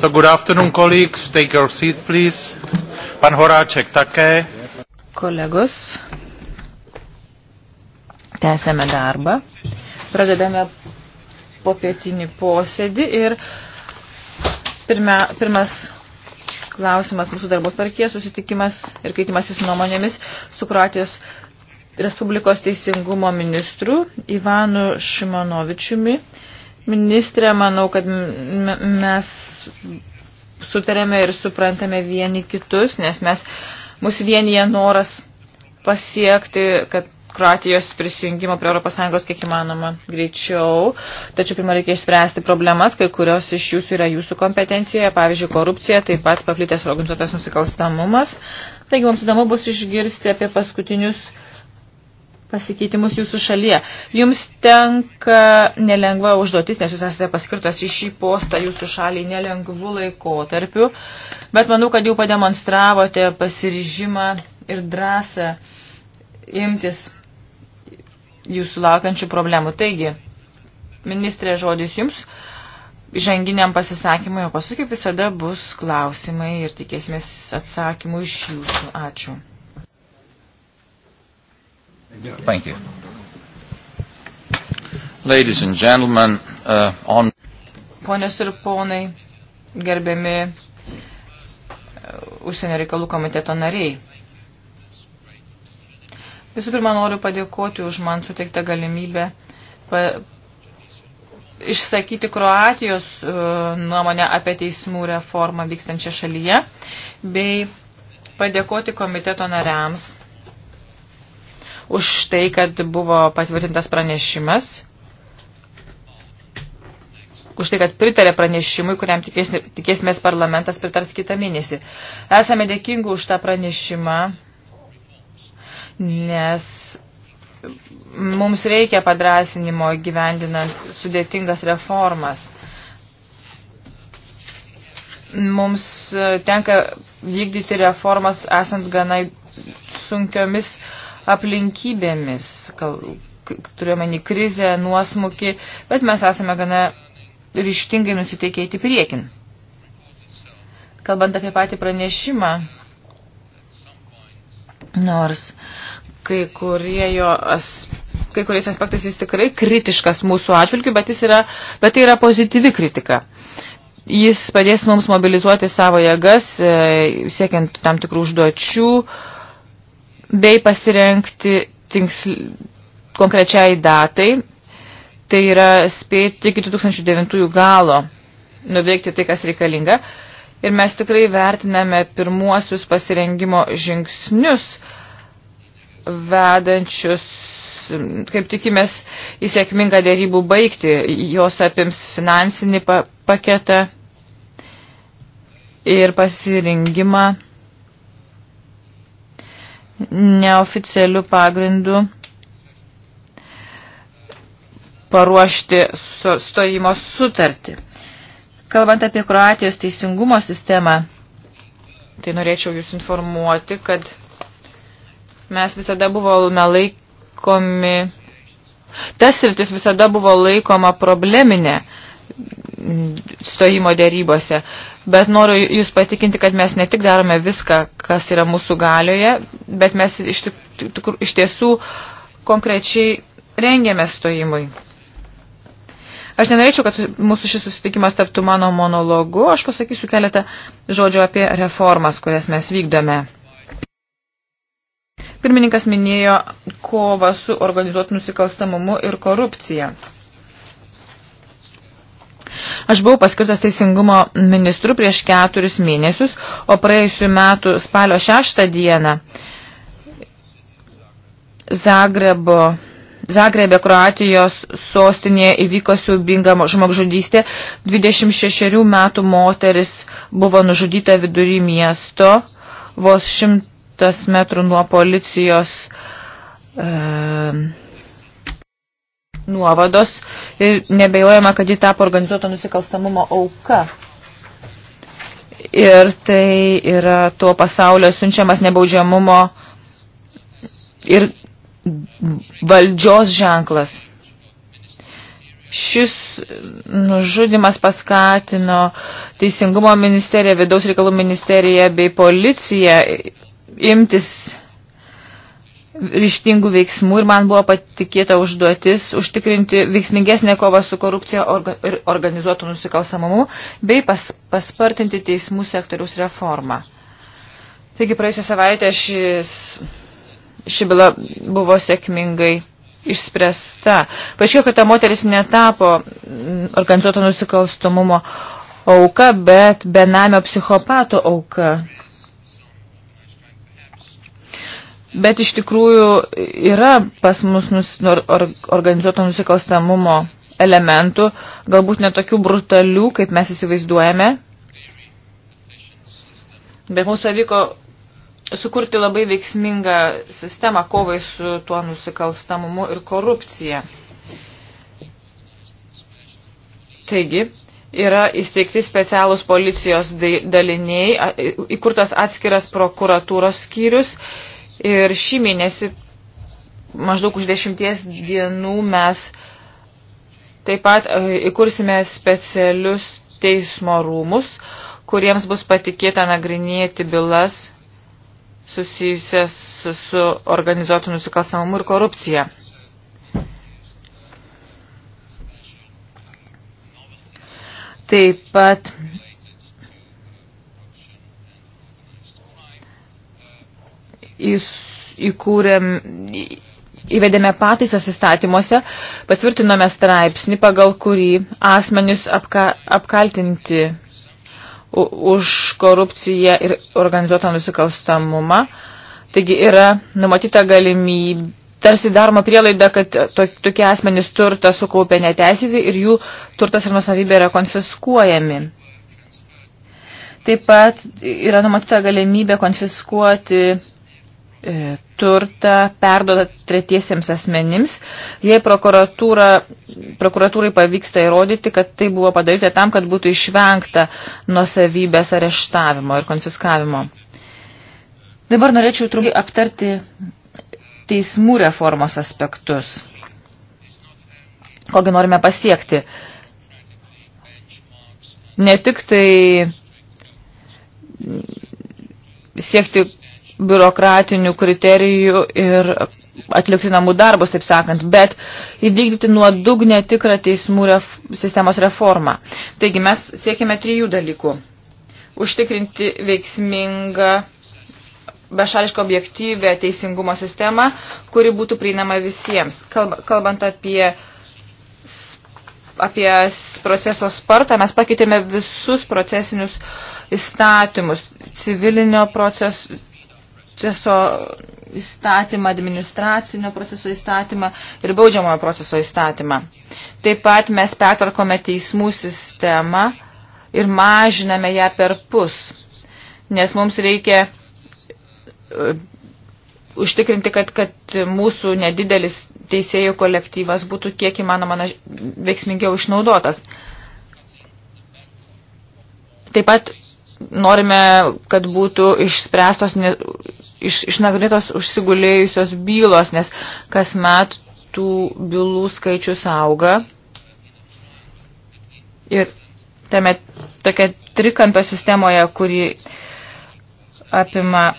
So good afternoon, colleagues. Take your seat, please. Pan Horáček také. Kolegos, tęsiame darbą. Pradedame popietinį posėdį ir pirma, pirmas klausimas mūsų darbos parkės susitikimas ir keitimasis nuomonėmis su Kroatijos Respublikos teisingumo ministru Ivanu Šimonovičiumi Ministrė, manau, kad mes sutarėme ir suprantame vieni kitus, nes mes mūsų vienyje noras pasiekti, kad Kroatijos prisijungimo prie ES kiek įmanoma greičiau. Tačiau pirmą reikia išspręsti problemas, kai kurios iš jūsų yra jūsų kompetencijoje, pavyzdžiui, korupcija, taip pat paplitęs organizuotas nusikalstamumas. Taigi mums įdomu bus išgirsti apie paskutinius pasikeitimus jūsų šalyje. Jums tenka nelengva užduotis, nes jūs esate paskirtas į šį postą jūsų šaliai nelengvu laikotarpiu, bet manau, kad jau pademonstravote pasiryžimą ir drąsą imtis jūsų laukiančių problemų. Taigi, ministrė žodis jums, žanginiam pasisakymui, o paskui kaip visada bus klausimai ir tikėsimės atsakymų iš jūsų. Ačiū. Thank you. Ladies and gentlemen, uh, on... Ponios ir ponai, gerbiami uh, užsienio reikalų komiteto nariai. Visų pirma, noriu padėkoti už man suteiktą galimybę pa, išsakyti Kroatijos uh, nuomonę apie teismų reformą vykstančią šalyje bei padėkoti komiteto nariams už tai, kad buvo patvirtintas pranešimas, už tai, kad pritarė pranešimui, kuriam tikės, tikėsimės parlamentas pritars kitą mėnesį. Esame dėkingi už tą pranešimą, nes mums reikia padrasinimo gyvendinant sudėtingas reformas. Mums tenka vykdyti reformas esant gana sunkiomis uh, aplinkybėmis, turiuomenį krizę, nuosmukį, bet mes esame gana ryštingai nusiteikę į priekin. Kalbant apie patį pranešimą, nors kai, kurie jo as, kai kuriais aspektais jis tikrai kritiškas mūsų atžvilgiu, bet, jis yra, bet tai yra pozityvi kritika. Jis padės mums mobilizuoti savo jėgas, e, siekiant tam tikrų užduočių, uh, bei pasirenkti tinksl... konkrečiai datai, tai yra spėti iki 2009 galo nuveikti tai, kas reikalinga. Ir mes tikrai vertiname pirmuosius pasirengimo žingsnius, vedančius, kaip tikimės, į sėkmingą dėrybų baigti. Jos apims finansinį pa paketą ir pasirengimą neoficialių pagrindų paruošti stojimo sutartį. Kalbant apie Kroatijos teisingumo sistemą, tai norėčiau jūs informuoti, kad mes visada buvome laikomi, tas sritis visada buvo laikoma probleminė stojimo dėrybose bet noriu Jūs patikinti, kad mes ne tik darome viską, kas yra mūsų galioje, bet mes iš, tikr, iš tiesų konkrečiai rengėme stojimui. Aš nenorėčiau, kad mūsų šis susitikimas taptų mano monologu, aš pasakysiu keletą žodžių apie reformas, kurias mes vykdome. Pirmininkas minėjo kovą su organizuotų nusikalstamumu ir korupcija. Aš buvau paskirtas teisingumo ministru prieš keturis mėnesius, o praėjusiu metu spalio šeštą dieną Zagrebo Zagrebė, Kroatijos sostinėje įvyko siubinga žmogžudystė. 26 metų moteris buvo nužudyta vidury miesto, vos šimtas metrų nuo policijos e, nuovados ir nebejojama, kad ji tapo organizuoto nusikalstamumo auka. Ir tai yra to pasaulio siunčiamas nebaudžiamumo ir valdžios ženklas. Šis nužudimas paskatino Teisingumo ministeriją, Vidaus reikalų ministeriją bei policiją imtis ryštingų veiksmų ir man buvo patikėta užduotis užtikrinti veiksmingesnę kovą su korupcija orga, ir organizuotų nusikalstamamu bei pas, paspartinti teismų sektoriaus reformą. Taigi praėjusią savaitę šis, ši byla buvo sėkmingai išspręsta. Paaiškėjo, kad ta moteris netapo organizuoto nusikalstamumo auka, bet benamio psichopato auka. Bet iš tikrųjų yra pas mus nus, or, organizuoto nusikalstamumo elementų, galbūt netokių brutalių, kaip mes įsivaizduojame. Bet mums pavyko sukurti labai veiksmingą sistemą kovai su tuo nusikalstamumu ir korupcija. Taigi, yra įsteigti specialūs policijos daliniai, įkurtas atskiras prokuratūros skyrius Ir šį mėnesį, maždaug už dešimties dienų, mes taip pat e, įkursime specialius teismo rūmus, kuriems bus patikėta nagrinėti bylas susijusias su organizuotų nusikalstamumu ir korupcija. Taip pat įkūrėm, įvedėme pataisas įstatymuose, patvirtinome straipsnį, pagal kurį asmenys apka, apkaltinti už korupciją ir organizuotą nusikalstamumą. Taigi yra numatyta galimybė tarsi daroma prielaida, kad tokie asmenys turtą sukaupė neteisėtai ir jų turtas ir nusavybė yra konfiskuojami. Taip pat yra numatyta galimybė konfiskuoti E, turtą perdoda tretiesiems asmenims, jei prokuratūrai pavyksta įrodyti, kad tai buvo padaryta tam, kad būtų išvengta nusavybės areštavimo ir konfiskavimo. Dabar norėčiau trumpai aptarti teismų reformos aspektus. Kogi norime pasiekti? Ne tik tai siekti biurokratinių kriterijų ir atlikti namų darbus, taip sakant, bet įvykdyti nuodugnę tikrą teismų ref, sistemos reformą. Taigi mes siekime trijų dalykų. Užtikrinti veiksmingą bešališką objektyvę teisingumo sistemą, kuri būtų prieinama visiems. Kalbant apie, apie proceso spartą, mes pakeitėme visus procesinius įstatymus, civilinio proceso proceso įstatymą, administracinio proceso įstatymą ir baudžiamojo proceso įstatymą. Taip pat mes pertvarkome teismų sistemą ir mažiname ją per pus, nes mums reikia e, užtikrinti, kad, kad mūsų nedidelis teisėjų kolektyvas būtų kiek įmanoma veiksmingiau išnaudotas. Taip pat norime, kad būtų išspręstos, iš, išnagrinėtos užsigulėjusios bylos, nes kasmet tų bylų skaičius auga. Ir tame tokia trikampio sistemoje, kuri apima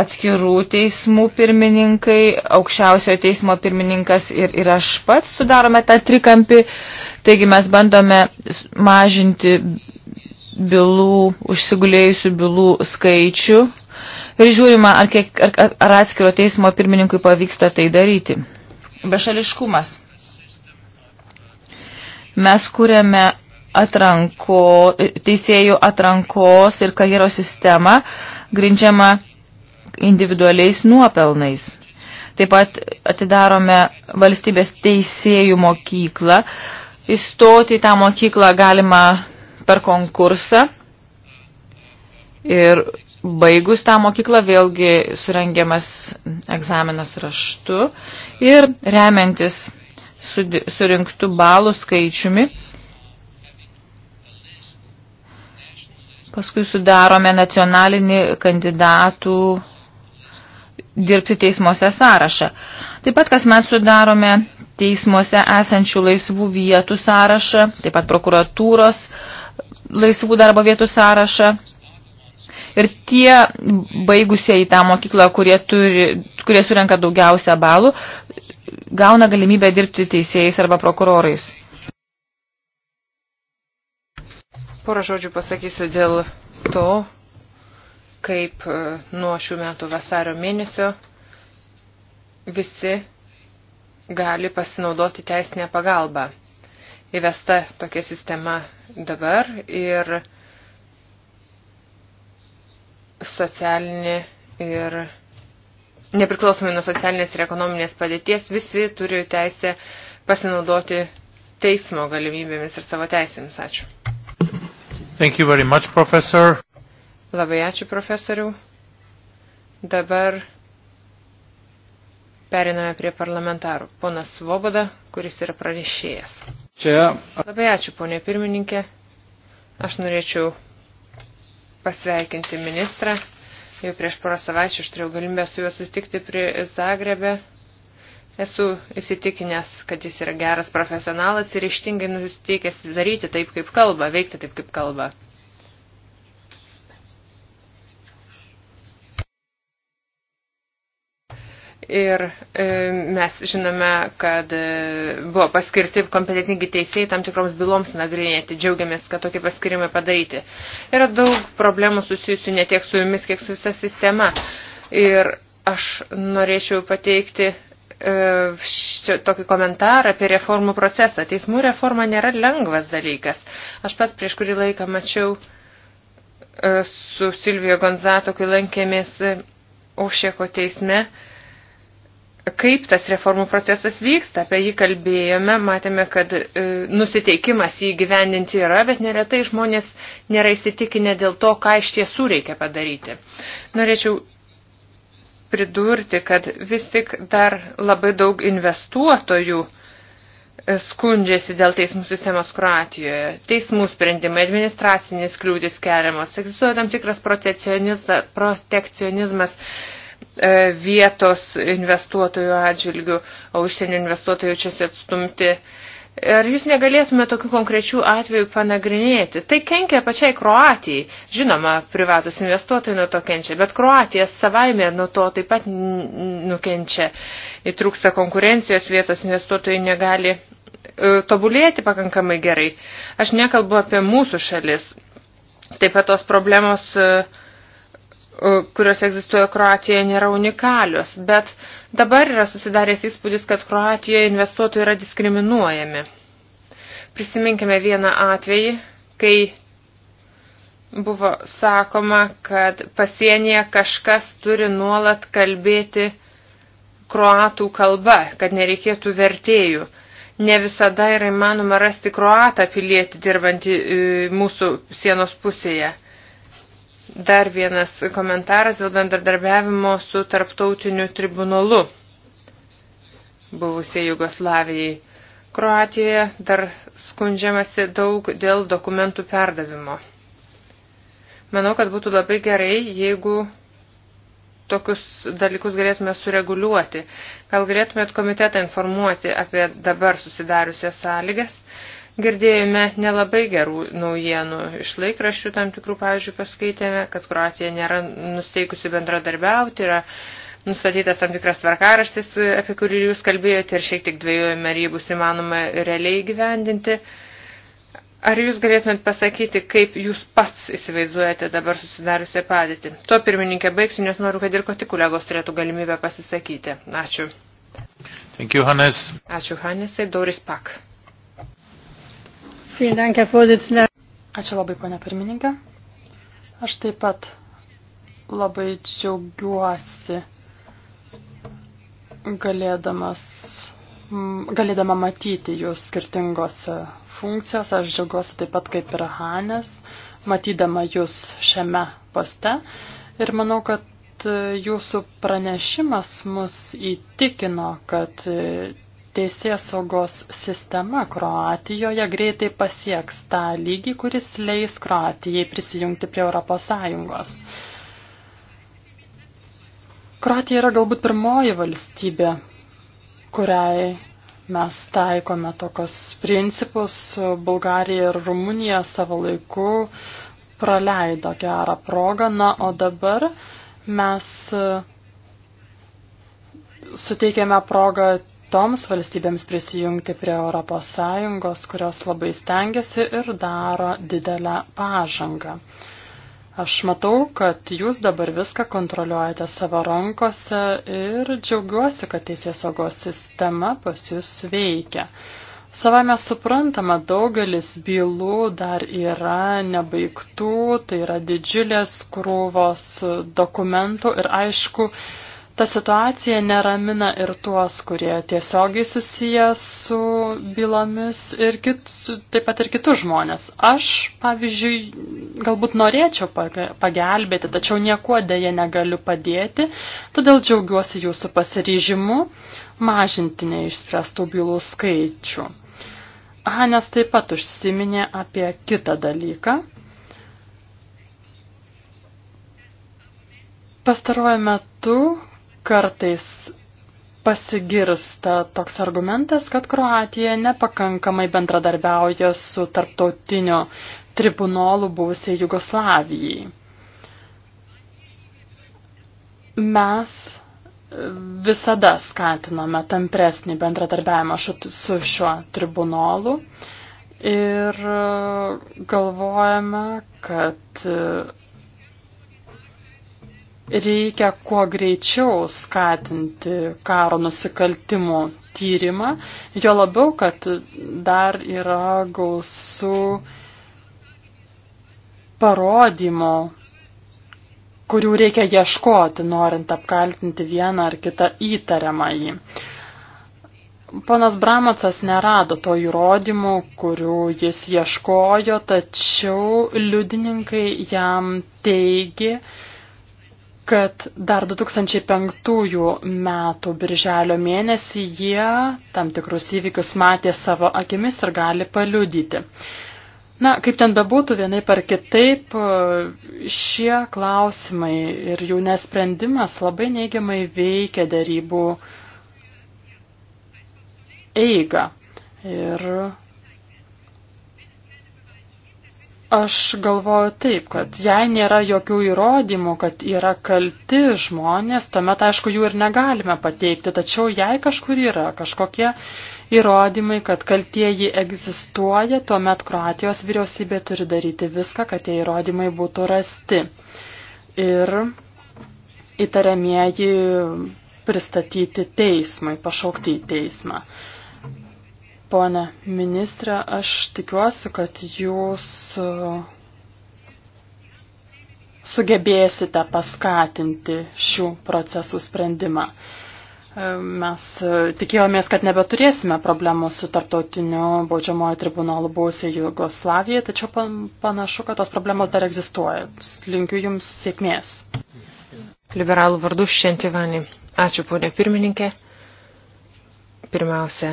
atskirų teismų pirmininkai, aukščiausiojo teismo pirmininkas ir, ir aš pats sudarome tą trikampį, taigi mes bandome mažinti bylų, užsigulėjusių bylų skaičių ir žiūrima, ar, kiek, ar, ar atskiro teismo pirmininkui pavyksta tai daryti. Bešališkumas. Mes kūrėme atranko, teisėjų atrankos ir karjeros sistemą grindžiama individualiais nuopelnais. Taip pat atidarome valstybės teisėjų mokyklą. Įstoti į tą mokyklą galima per konkursą ir baigus tą mokyklą vėlgi surengiamas egzaminas raštu ir remiantis surinktų balų skaičiumi paskui sudarome nacionalinį kandidatų dirbti teismuose sąrašą. Taip pat kasmet sudarome teismuose esančių laisvų vietų sąrašą, taip pat prokuratūros laisvų darbo vietų sąrašą. Ir tie baigusieji tą mokyklą, kurie, turi, kurie surenka daugiausia balų, gauna galimybę dirbti teisėjais arba prokurorais. Porą žodžių pasakysiu dėl to, kaip e, nuo šių metų vasario mėnesio visi gali pasinaudoti teisinę pagalbą. Įvesta tokia sistema dabar ir socialinė ir nepriklausomai nuo socialinės ir ekonominės padėties visi turi teisę pasinaudoti teismo galimybėmis ir savo teisėmis. Ačiū. Thank you very much, professor. Labai ačiū, profesoriau. Dabar periname prie parlamentarų. Ponas Svoboda, kuris yra pranešėjas. Čia. Labai ačiū, ponė pirmininkė. Aš norėčiau pasveikinti ministrą. Jau prieš porą savaičių aš turėjau galimybę su juo susitikti prie Zagrebe. Esu įsitikinęs, kad jis yra geras profesionalas ir ištingai nusiteikęs daryti taip, kaip kalba, veikti taip, kaip kalba. Ir e, mes žinome, kad e, buvo paskirti kompetitingi teisėjai tam tikroms byloms nagrinėti. Džiaugiamės, kad tokie paskirimai padaryti. Yra daug problemų susijusių ne tiek su jumis, kiek su visa sistema. Ir aš norėčiau pateikti e, šio, tokį komentarą apie reformų procesą. Teismų reforma nėra lengvas dalykas. Aš pats prieš kurį laiką mačiau su Silvijo Gonzato, kai lankėmės Aušėko teisme, kaip tas reformų procesas vyksta, apie jį kalbėjome, matėme, kad e, nusiteikimas jį gyvendinti yra, bet neretai žmonės nėra įsitikinę dėl to, ką iš tiesų reikia padaryti. Norėčiau pridurti, kad vis tik dar labai daug investuotojų e, skundžiasi dėl teismų sistemos Kroatijoje. Teismų sprendimai, administracinės kliūtis keliamos, egzistuoja tam tikras protekcionizmas E, vietos investuotojų atžvilgių, o užsienio investuotojų čia atstumti. Ar jūs negalėtume tokių konkrečių atvejų panagrinėti? Tai kenkia pačiai Kroatijai. Žinoma, privatus investuotojai nuo to kenčia, bet Kroatija savaime nuo to taip pat nukenčia. Įtrūksta konkurencijos vietos investuotojai negali e, tobulėti pakankamai gerai. Aš nekalbu apie mūsų šalis. Taip pat tos problemos uh, E, kurios egzistuoja Kroatijoje, nėra unikalios, bet dabar yra susidaręs įspūdis, kad Kroatijoje investuotojai yra diskriminuojami. Prisiminkime vieną atvejį, kai buvo sakoma, kad pasienyje kažkas turi nuolat kalbėti kroatų kalba, kad nereikėtų vertėjų. Ne visada yra įmanoma rasti kroatą pilietį dirbantį e, mūsų sienos pusėje. Dar vienas komentaras dėl bendradarbiavimo su tarptautiniu tribunolu buvusiai Jugoslavijai. Kroatijoje dar skundžiamasi daug dėl dokumentų perdavimo. Manau, kad būtų labai gerai, jeigu tokius dalykus galėtume sureguliuoti. Gal galėtumėt komitetą informuoti apie dabar susidariusias sąlygas Girdėjome nelabai gerų naujienų iš laikraščių tam tikrų, pavyzdžiui, paskaitėme, kad Kroatija nėra nusteikusi bendradarbiauti, yra nustatytas tam tikras tvarkaraštis, apie kurį jūs kalbėjote ir šiek tiek dvėjojame, ar jį bus įmanoma realiai gyvendinti. Ar jūs galėtumėt pasakyti, kaip jūs pats įsivaizduojate dabar susidariusią padėtį? Tuo pirmininkė baigsiu, nes noriu, kad ir koti kolegos turėtų galimybę pasisakyti. Ačiū. Thank you, Hannes. Ačiū, Hannesai. Doris Pak. Ačiū labai, ponia pirmininkė. Aš taip pat labai džiaugiuosi galėdamas, galėdama matyti jūs skirtingose funkcijose. Aš džiaugiuosi taip pat kaip ir Hanes, matydama jūs šiame poste. Ir manau, kad e, jūsų pranešimas mus įtikino, kad e, teisės saugos sistema Kroatijoje greitai pasieks tą lygį, kuris leis Kroatijai prisijungti prie Europos Sąjungos. Kroatija yra galbūt pirmoji valstybė, kuriai mes taikome tokios principus. Bulgarija ir Rumunija savo laiku praleido gerą progą, na, o dabar mes suteikiame progą toms valstybėms prisijungti prie ES, kurios labai stengiasi ir daro didelę pažangą. Aš matau, kad jūs dabar viską kontroliuojate savo rankose ir džiaugiuosi, kad teisės saugos sistema pas jūs veikia. Savame suprantama, daugelis bylų dar yra nebaigtų, tai yra didžiulės krūvos dokumentų ir aišku, Ta situacija neramina ir tuos, kurie tiesiogiai susiję su bylomis ir kit, taip pat ir kitus žmonės. Aš, pavyzdžiui, galbūt norėčiau pagelbėti, tačiau niekuo dėje negaliu padėti, todėl džiaugiuosi jūsų pasiryžimu mažinti neišspręstų bylų skaičių. Hanes taip pat užsiminė apie kitą dalyką. Pastaruoju metu kartais pasigirsta toks argumentas, kad Kroatija nepakankamai bendradarbiauja su tarptautiniu tribunolu buvusiai Jugoslavijai. Mes visada skatinome tampresnį bendradarbiavimą su šiuo tribunolu ir e, galvojame, kad e, reikia kuo greičiau skatinti karo nusikaltimų tyrimą, jo labiau, kad dar yra gausų parodymo, kurių reikia ieškoti, norint apkaltinti vieną ar kitą įtariamąjį. Ponas Bramacas nerado to įrodymų, kurių jis ieškojo, tačiau liudininkai jam teigi, kad dar 2005 metų birželio mėnesį jie tam tikrus įvykius matė savo akimis ir gali paliudyti. Na, kaip ten bebūtų, vienai par kitaip šie klausimai ir jų nesprendimas labai neigiamai veikia darybų eigą. Ir Aš galvoju taip, kad jei nėra jokių įrodymų, kad yra kalti žmonės, tuomet aišku jų ir negalime pateikti, tačiau jei kažkur yra kažkokie įrodymai, kad kaltieji egzistuoja, tuomet Kroatijos vyriausybė turi daryti viską, kad tie įrodymai būtų rasti. Ir įtariamieji pristatyti teismui, pašaukti į teismą. Pone ministrė, aš tikiuosi, kad jūs e, sugebėsite paskatinti šių procesų sprendimą. E, mes e, tikėjomės, kad nebeturėsime problemų su tarptautiniu baudžiamojo tribunolu buvusiai Jugoslavijai, tačiau panašu, kad tos problemos dar egzistuoja. Linkiu Jums sėkmės. Liberalų vardu Šentivani. Ačiū, ponė pirmininkė. Pirmiausia,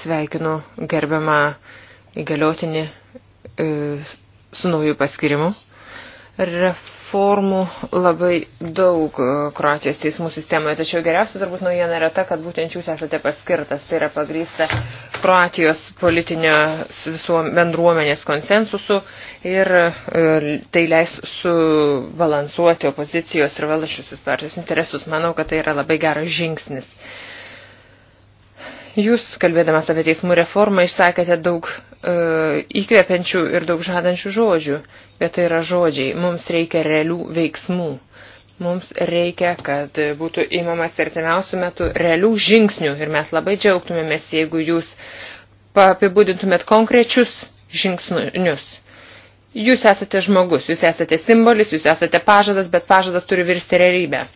Sveikinu gerbiamą įgaliotinį e, su naujų paskirimu. Reformų labai daug e, Kroatijos teismų sistemoje, tačiau geriausia turbūt naujiena yra ta, kad būtent jūs esate paskirtas. Tai yra pagrįsta Kroatijos politinės visuom, bendruomenės konsensusu ir e, tai leis subalansuoti opozicijos ir valdačiusius partijos interesus. Manau, kad tai yra labai geras žingsnis. Jūs, kalbėdamas apie teismų reformą, išsakėte daug e, įkvepiančių ir daug žadančių žodžių, bet tai yra žodžiai. Mums reikia realių veiksmų. Mums reikia, kad būtų įmamas artimiausių metų realių žingsnių ir mes labai džiaugtumėmės, jeigu jūs apibūdintumėt konkrečius žingsnius. Jūs esate žmogus, jūs esate simbolis, jūs esate pažadas, bet pažadas turi virsti realybę.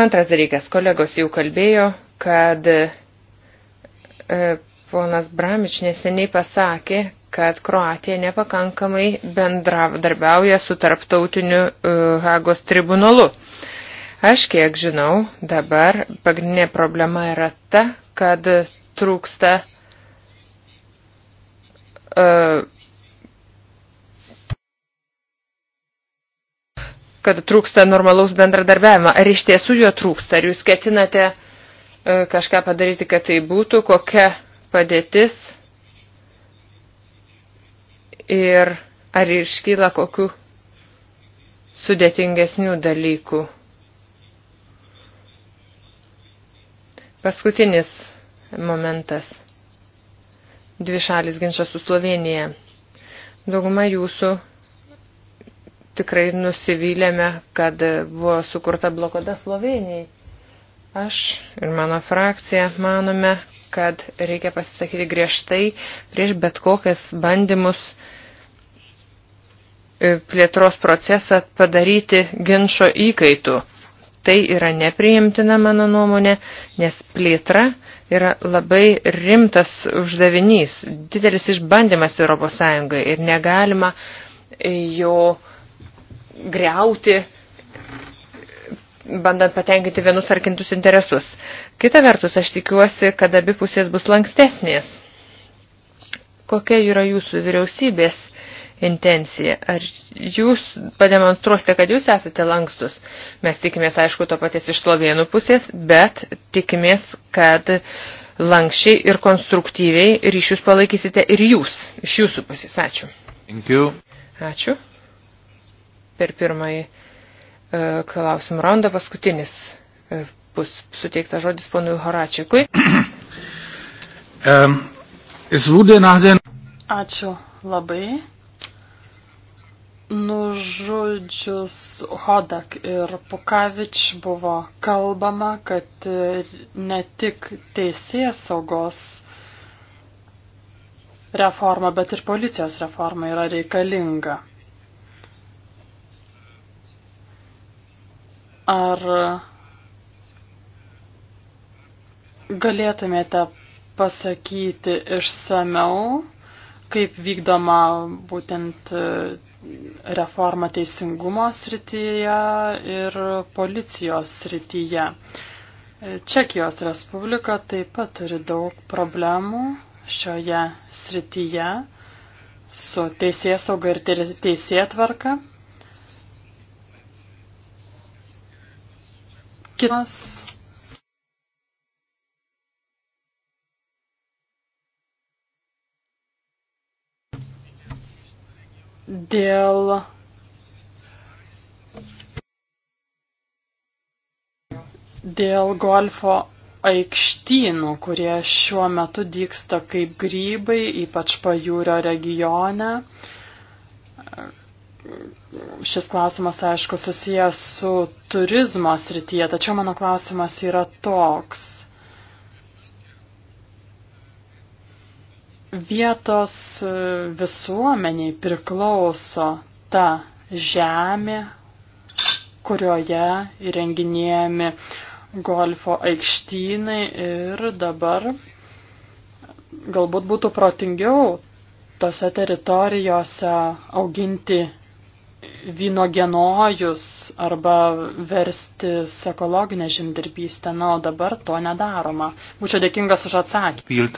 Antras dalykas, kolegos jau kalbėjo, kad E, ponas Bramič neseniai pasakė, kad Kroatija nepakankamai bendradarbiauja su tarptautiniu e, Hagos tribunolu. Aš kiek žinau, dabar pagrindinė problema yra ta, kad trūksta e, kad trūksta normalaus bendradarbiavimo. Ar iš tiesų jo trūksta? Ar jūs ketinate uh, E, kažką padaryti, kad tai būtų, kokia padėtis ir ar iškyla kokiu sudėtingesnių dalykų. Paskutinis momentas. Dvi šalis ginčia su Slovenija. Dauguma jūsų tikrai nusivylėme, kad buvo sukurta blokada Slovenijai. Aš ir mano frakcija manome, kad reikia pasisakyti griežtai prieš bet kokias bandymus e, plėtros procesą padaryti ginčio įkaitų. Tai yra nepriimtina mano nuomonė, nes plėtra yra labai rimtas uždavinys, didelis išbandymas Europos Sąjungai ir negalima jo greuti bandant patenkinti vienus ar kintus interesus. Kita vertus, aš tikiuosi, kad abi pusės bus lankstesnės. Kokia yra jūsų vyriausybės intencija? Ar jūs pademonstruosite, kad jūs esate lankstus? Mes tikimės, aišku, to paties iš slovėnų pusės, bet tikimės, kad lankščiai ir konstruktyviai ryšius palaikysite ir jūs, iš jūsų pusės. Ačiū. Ačiū. Per pirmąjį E, klausimų raundą. Paskutinis e, bus suteiktas žodis ponui Horačiakui. Ačiū labai. Nužudžius Hodak ir Pukavič buvo kalbama, kad ne tik teisės saugos reforma, bet ir policijos reforma yra reikalinga. Ar galėtumėte pasakyti išsameu, kaip vykdoma būtent e, reforma teisingumo srityje ir policijos srityje? E, Čekijos Respublika taip pat turi daug problemų šioje srityje su teisėsauga ir teisėtvarka. kitas dėl dėl golfo aikštynų, kurie šiuo metu dyksta kaip grybai, ypač pajūrio regione šis klausimas, aišku, susijęs su turizmo srityje, tačiau mano klausimas yra toks. Vietos visuomeniai priklauso ta žemė, kurioje įrenginėjami golfo aikštynai ir dabar galbūt būtų protingiau tose teritorijose auginti vynogenojus arba verstis ekologinę žemdirbystę, na, o dabar to nedaroma. Būčiau dėkingas už atsakymą.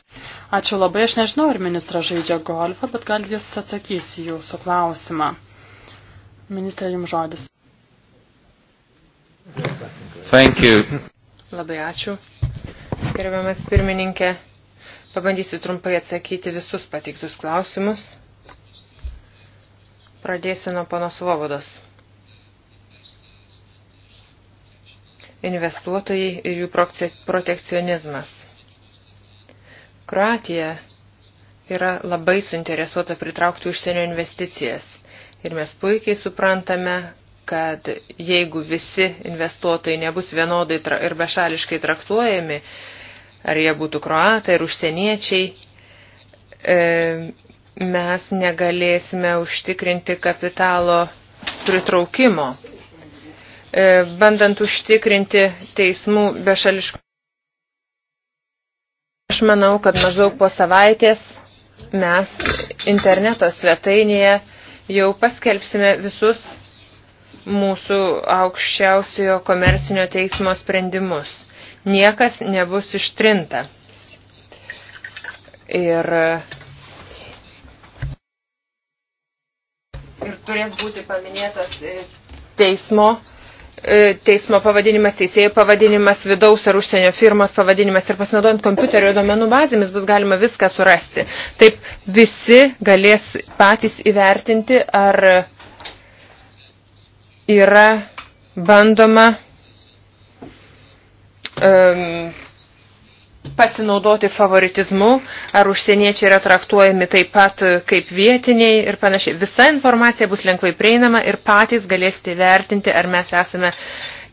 Ačiū labai, aš nežinau, ar ministras žaidžia golfą, bet gal jis atsakys į jūsų klausimą. Ministrė, jums žodis. Thank you. Labai ačiū. Gerbiamas pirmininkė, pabandysiu trumpai atsakyti visus pateiktus klausimus. Pradėsiu nuo panos Vovodos. Investuotojai ir jų protekcionizmas. Kroatija yra labai suinteresuota pritraukti užsienio investicijas. Ir mes puikiai suprantame, kad jeigu visi investuotojai nebus vienodai ir bešališkai traktuojami, ar jie būtų kroatai ir užsieniečiai, e, mes negalėsime užtikrinti kapitalo pritraukimo, e, bandant užtikrinti teismų bešališkumą. Aš manau, kad maždaug po savaitės mes interneto svetainėje jau paskelbsime visus mūsų aukščiausiojo komercinio teismo sprendimus. Niekas nebus ištrinta. Ir ir turės būti paminėtas e, teismo, e, teismo pavadinimas, teisėjų pavadinimas, vidaus ar užsienio firmos pavadinimas ir pasinaudojant kompiuterio duomenų bazėmis bus galima viską surasti. Taip visi galės patys įvertinti, ar yra bandoma um, pasinaudoti favoritizmu, ar užsieniečiai yra traktuojami taip pat e, kaip vietiniai ir panašiai. Visa informacija bus lengvai prieinama ir patys galėsite vertinti, ar mes esame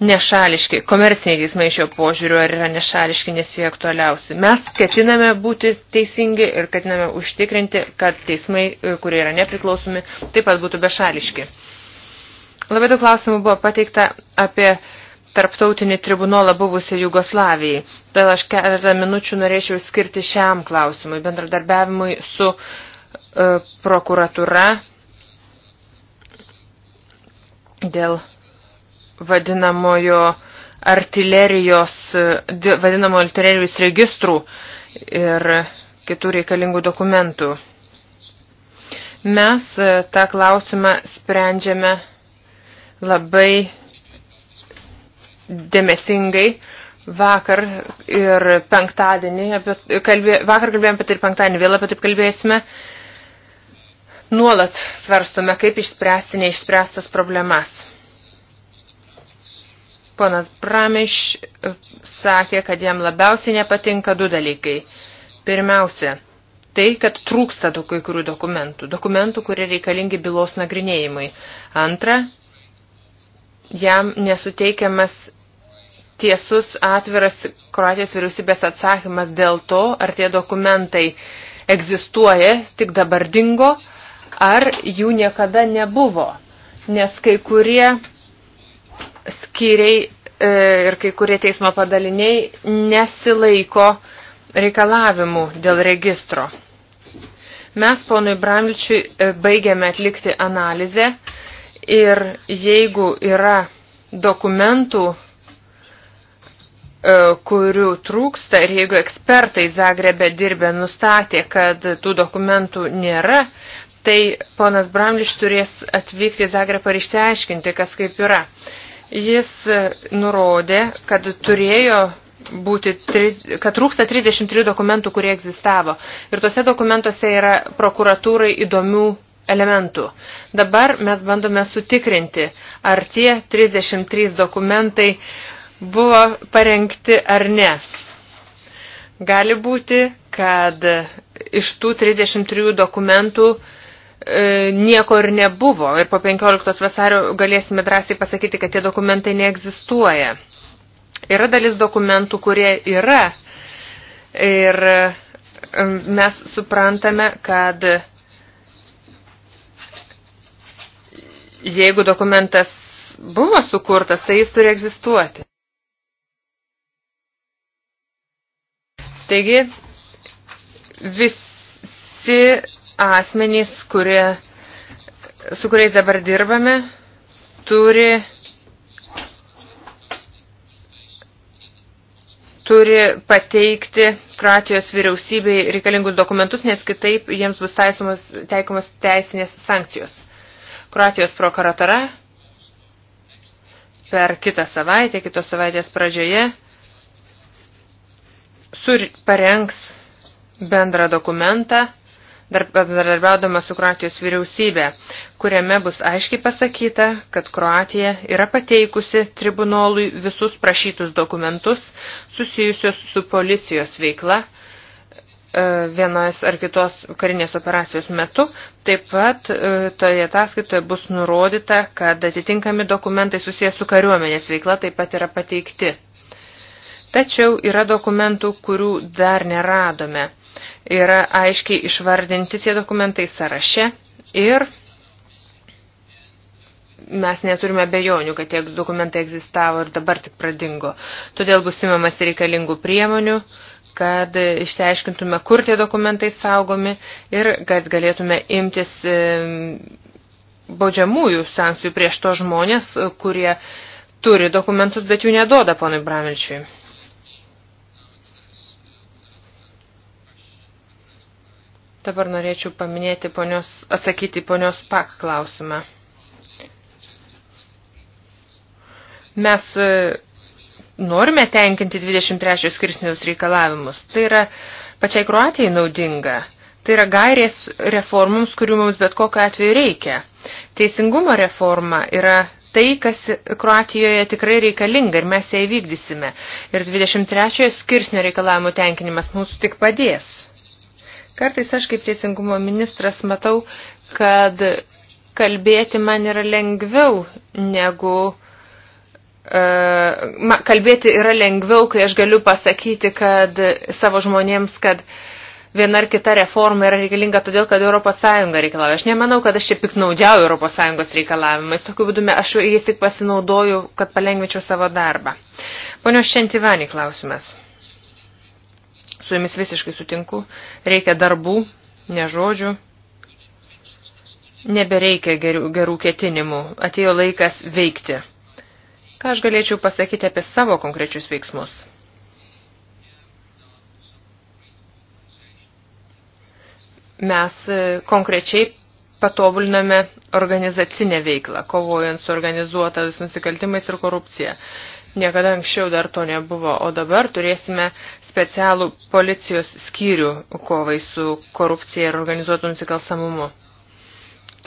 nešališki. Komerciniai teismai šio požiūriu ar yra nešališki, nes jie aktualiausi. Mes ketiname būti teisingi ir ketiname užtikrinti, kad teismai, e, kurie yra nepriklausomi, taip pat būtų bešališki. Labai daug klausimų buvo pateikta apie uh, tarptautinį tribunolą buvusią Jugoslavijai. Todėl aš keletą minučių norėčiau skirti šiam klausimui, bendradarbiavimui su e, prokuratūra dėl vadinamojo artilerijos, e, vadinamo artilerijos registrų ir kitų reikalingų dokumentų. Mes e, tą klausimą sprendžiame labai dėmesingai vakar ir penktadienį, apie, kalbė, vakar kalbėjome apie tai ir penktadienį vėl apie tai kalbėsime, nuolat svarstome, kaip išspręsti neišspręstas problemas. Ponas Bramiš sakė, kad jam labiausiai nepatinka du dalykai. Pirmiausia, tai, kad trūksta kai kurių dokumentų, dokumentų, kurie reikalingi bylos nagrinėjimui. Antra, jam nesuteikiamas tiesus atviras Kroatijos vyriausybės atsakymas dėl to, ar tie dokumentai egzistuoja, tik dabar dingo, ar jų niekada nebuvo. Nes kai kurie skyriai e, ir kai kurie teismo padaliniai nesilaiko reikalavimų dėl registro. Mes ponui Bramilčiui e, baigėme atlikti analizę Ir jeigu yra dokumentų, e, kurių trūksta ir jeigu ekspertai Zagrebe dirbę nustatė, kad tų dokumentų nėra, tai ponas Bramliš turės atvykti į Zagrebą ir išsiaiškinti, kas kaip yra. Jis e, nurodė, kad turėjo būti, kad trūksta 33 dokumentų, kurie egzistavo. Ir tose dokumentuose yra prokuratūrai įdomių elementų. Dabar mes bandome sutikrinti, ar tie 33 dokumentai buvo parengti ar ne. Gali būti, kad iš tų 33 dokumentų e, nieko ir nebuvo. Ir po 15 vasario galėsime drąsiai pasakyti, kad tie dokumentai neegzistuoja. Yra dalis dokumentų, kurie yra. Ir e, mes suprantame, kad Jeigu dokumentas buvo sukurtas, tai jis turi egzistuoti. Taigi, visi asmenys, kurie, su kuriais dabar dirbame, turi, turi pateikti Kroatijos vyriausybei reikalingus dokumentus, nes kitaip jiems bus taikomas teisinės sankcijos. Kroatijos prokuratūra per kitą savaitę, kitos savaitės pradžioje sur, parengs bendrą dokumentą, bendradarbiaudama su Kroatijos vyriausybė, kuriame bus aiškiai pasakyta, kad Kroatija yra pateikusi tribunolui visus prašytus dokumentus susijusios su policijos veikla E, vienos ar kitos karinės operacijos metu. Taip pat e, toje ataskaitoje bus nurodyta, kad atitinkami dokumentai susijęs su kariuomenės veikla taip pat yra pateikti. Tačiau yra dokumentų, kurių dar neradome. Yra aiškiai išvardinti tie dokumentai sąraše ir mes neturime bejonių, kad tie dokumentai egzistavo ir dabar tik pradingo. Todėl bus imamas reikalingų priemonių, kad išsiaiškintume, kur tie dokumentai saugomi ir kad galėtume imtis baudžiamųjų sankcijų prieš to žmonės, kurie turi dokumentus, bet jų nedoda ponui Bramelčiui. Dabar norėčiau paminėti ponios, atsakyti ponios pak klausimą. Mes norime tenkinti 23 skirsnius reikalavimus. Tai yra pačiai Kroatijai naudinga. Tai yra gairės reformoms, kurių mums bet kokiu atveju reikia. Teisingumo reforma yra tai, kas Kroatijoje tikrai reikalinga ir mes ją įvykdysime. Ir 23 skirsnio reikalavimų tenkinimas mūsų tik padės. Kartais aš kaip teisingumo ministras matau, kad kalbėti man yra lengviau negu E, kalbėti yra lengviau, kai aš galiu pasakyti kad savo žmonėms, kad viena ar kita reforma yra reikalinga todėl, kad ES reikalauja. Aš nemanau, kad aš čia piknaudžiauju ES reikalavimais. Tokiu būdu aš jais tik pasinaudoju, kad palengvičiau savo darbą. Ponios Šentivani klausimas. Su jumis visiškai sutinku. Reikia darbų, ne žodžių. Nebereikia gerų, gerų ketinimų. Atėjo laikas veikti. Ką aš galėčiau pasakyti apie savo konkrečius veiksmus? Mes e, konkrečiai patobuliname organizacinę veiklą, kovojant su organizuotais nusikaltimais ir korupcija. Niekada anksčiau dar to nebuvo, o dabar turėsime specialų policijos skyrių kovai su korupcija ir organizuotų nusikalstamumu.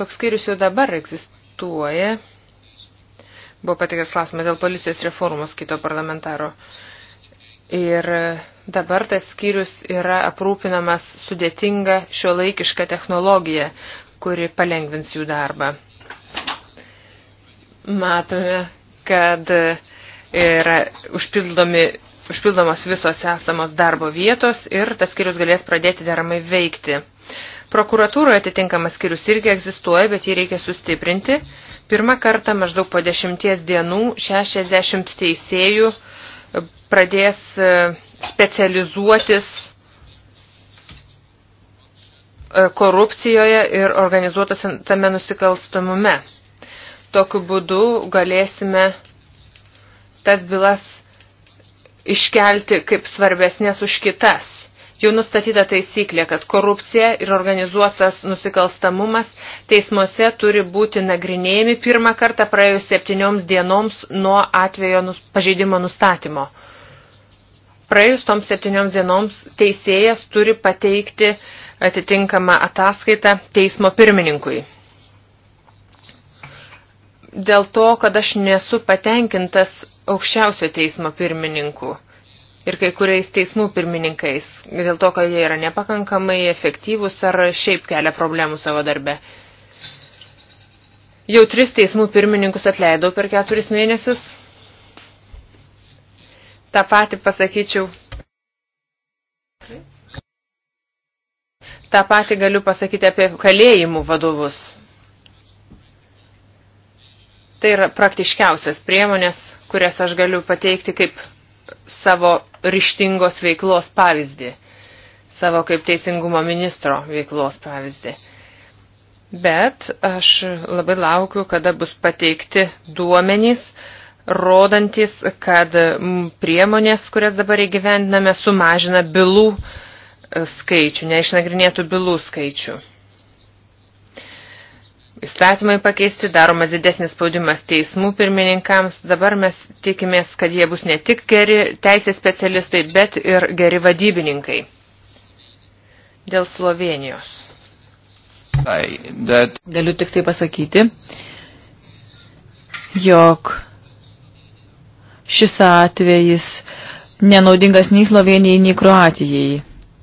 Toks skyrius jau dabar egzistuoja Buvo patikęs klausimas dėl policijos reformos kito parlamentaro. Ir dabar tas skyrius yra aprūpinamas sudėtinga šio laikiška technologija, kuri palengvins jų darbą. Matome, kad yra užpildomi, užpildomos visos esamos darbo vietos ir tas skyrius galės pradėti deramai veikti. Prokuratūroje atitinkamas skyrius irgi egzistuoja, bet jį reikia sustiprinti Pirmą kartą maždaug po dešimties dienų 60 teisėjų e, pradės e, specializuotis e, korupcijoje ir organizuotas tame nusikalstamume. Tokiu būdu galėsime tas bylas iškelti kaip svarbesnės už kitas Jau nustatyta taisyklė, kad korupcija ir organizuotas nusikalstamumas teismuose turi būti nagrinėjami pirmą kartą praėjus septynioms dienoms nuo atvejo nus, pažeidimo nustatymo. Praėjus toms septynioms dienoms teisėjas turi pateikti atitinkamą ataskaitą teismo pirmininkui. Dėl to, kad aš nesu patenkintas aukščiausio teismo pirmininku ir kai kuriais teismų pirmininkais, dėl to, kad jie yra nepakankamai efektyvūs ar šiaip kelia problemų savo darbe. Jau tris teismų pirmininkus atleidau per keturis mėnesius. Ta pati pasakyčiau. Ta pati galiu pasakyti apie kalėjimų vadovus. Tai yra praktiškiausios priemonės, kurias aš galiu pateikti kaip savo ryštingos veiklos pavyzdį, savo kaip teisingumo ministro veiklos pavyzdį. Bet aš labai laukiu, kada bus pateikti duomenys, rodantis, kad priemonės, kurias dabar įgyvendiname, sumažina bylų e, skaičių, neišnagrinėtų bylų skaičių. Įstatymai pakeisti, daromas didesnis spaudimas teismų pirmininkams. Dabar mes tikimės, kad jie bus ne tik geri teisės specialistai, bet ir geri vadybininkai. Dėl Slovenijos. Galiu tik tai pasakyti, jog šis atvejis nenaudingas nei Slovenijai, nei Kroatijai.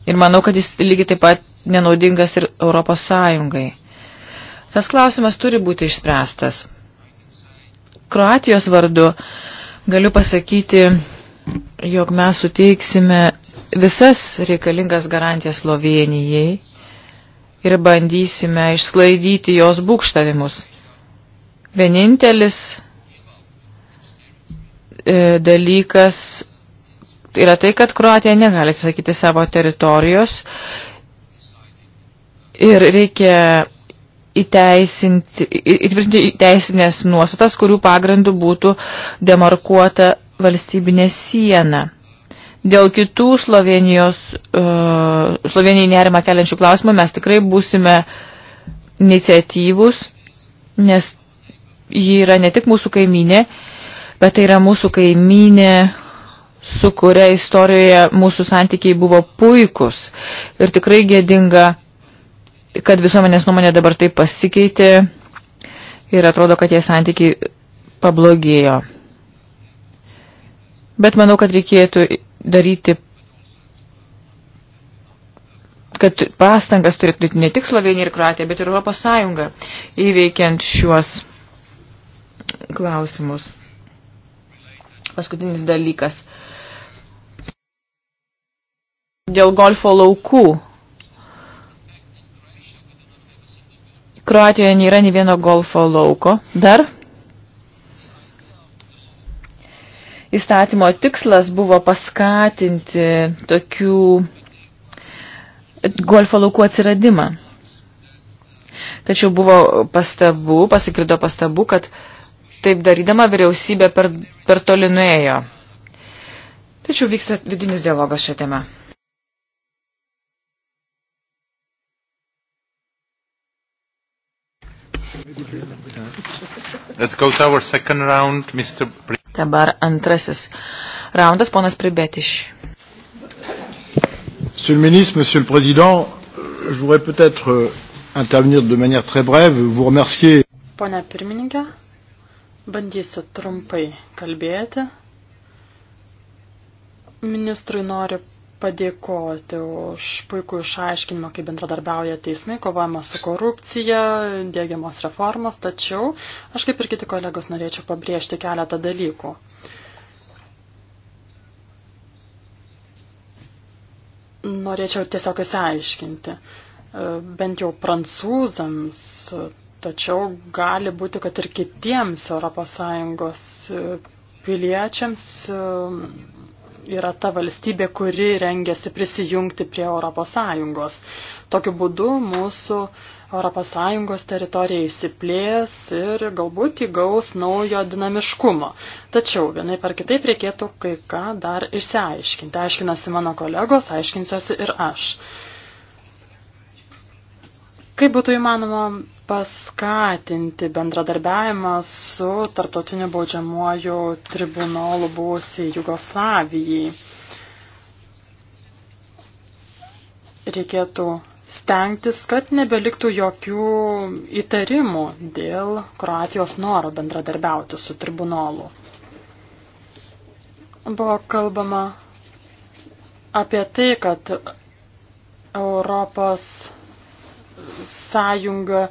Ir manau, kad jis lygiai taip pat nenaudingas ir Europos Sąjungai. Tas klausimas turi būti išspręstas. Kroatijos vardu galiu pasakyti, jog mes suteiksime visas reikalingas garantijas Slovenijai ir bandysime išsklaidyti jos būkštavimus. Vienintelis e, dalykas yra tai, kad Kroatija negali atsisakyti savo teritorijos ir reikia įteisinti, įtvirtinti teisinės nuostatas, kurių pagrindų būtų demarkuota valstybinė siena. Dėl kitų Slovenijos, uh, Slovenijai nerima keliančių klausimų mes tikrai būsime iniciatyvus, nes ji yra ne tik mūsų kaiminė, bet tai yra mūsų kaiminė, su kuria istorijoje mūsų santykiai buvo puikus ir tikrai gėdinga kad visuomenės nuomonė dabar taip pasikeitė ir atrodo, kad tie santykiai pablogėjo. Bet manau, kad reikėtų daryti, kad pastangas turėtų daryti ne tik Slovenija ir Kroatija, bet ir Europos Sąjunga įveikiant šiuos klausimus. Paskutinis dalykas. Dėl golfo laukų Kroatijoje nėra nei vieno golfo lauko. Dar įstatymo tikslas buvo paskatinti tokių golfo laukų atsiradimą. Tačiau buvo pastabų, pasikrido pastabų, kad taip darydama vyriausybė per, per toli nuėjo. Tačiau vyksta vidinis dialogas šią temą. Round, Mr. Dabar antrasis raundas, ponas Pribetiš. Monsieur le ministre, Monsieur le Président, euh, je voudrais peut-être euh, intervenir de manière très brève, vous remercier. Pone pirmininkė, bandysiu trumpai kalbėti. Ministrui noriu padėkoti už puikų išaiškinimą, kaip bendradarbiauja teismai, kovojama su korupcija, dėgiamos reformos, tačiau aš kaip ir kiti kolegos norėčiau pabrėžti keletą dalykų. Norėčiau tiesiog įsiaiškinti, bent jau prancūzams, tačiau gali būti, kad ir kitiems ES piliečiams yra ta valstybė, kuri rengiasi prisijungti prie ES. Tokiu būdu mūsų ES teritorija įsiplės ir galbūt įgaus naujo dinamiškumo. Tačiau vienai par kitaip reikėtų kai ką dar išsiaiškinti. Aiškinasi mano kolegos, aiškinsiuosi ir aš. Kaip būtų įmanoma paskatinti bendradarbiavimą su tartotiniu baudžiamuoju tribunolu buvusiai Jugoslavijai? Reikėtų stengtis, kad nebeliktų jokių įtarimų dėl Kroatijos noro bendradarbiauti su tribunolu. Buvo kalbama apie tai, kad Europos sąjunga e,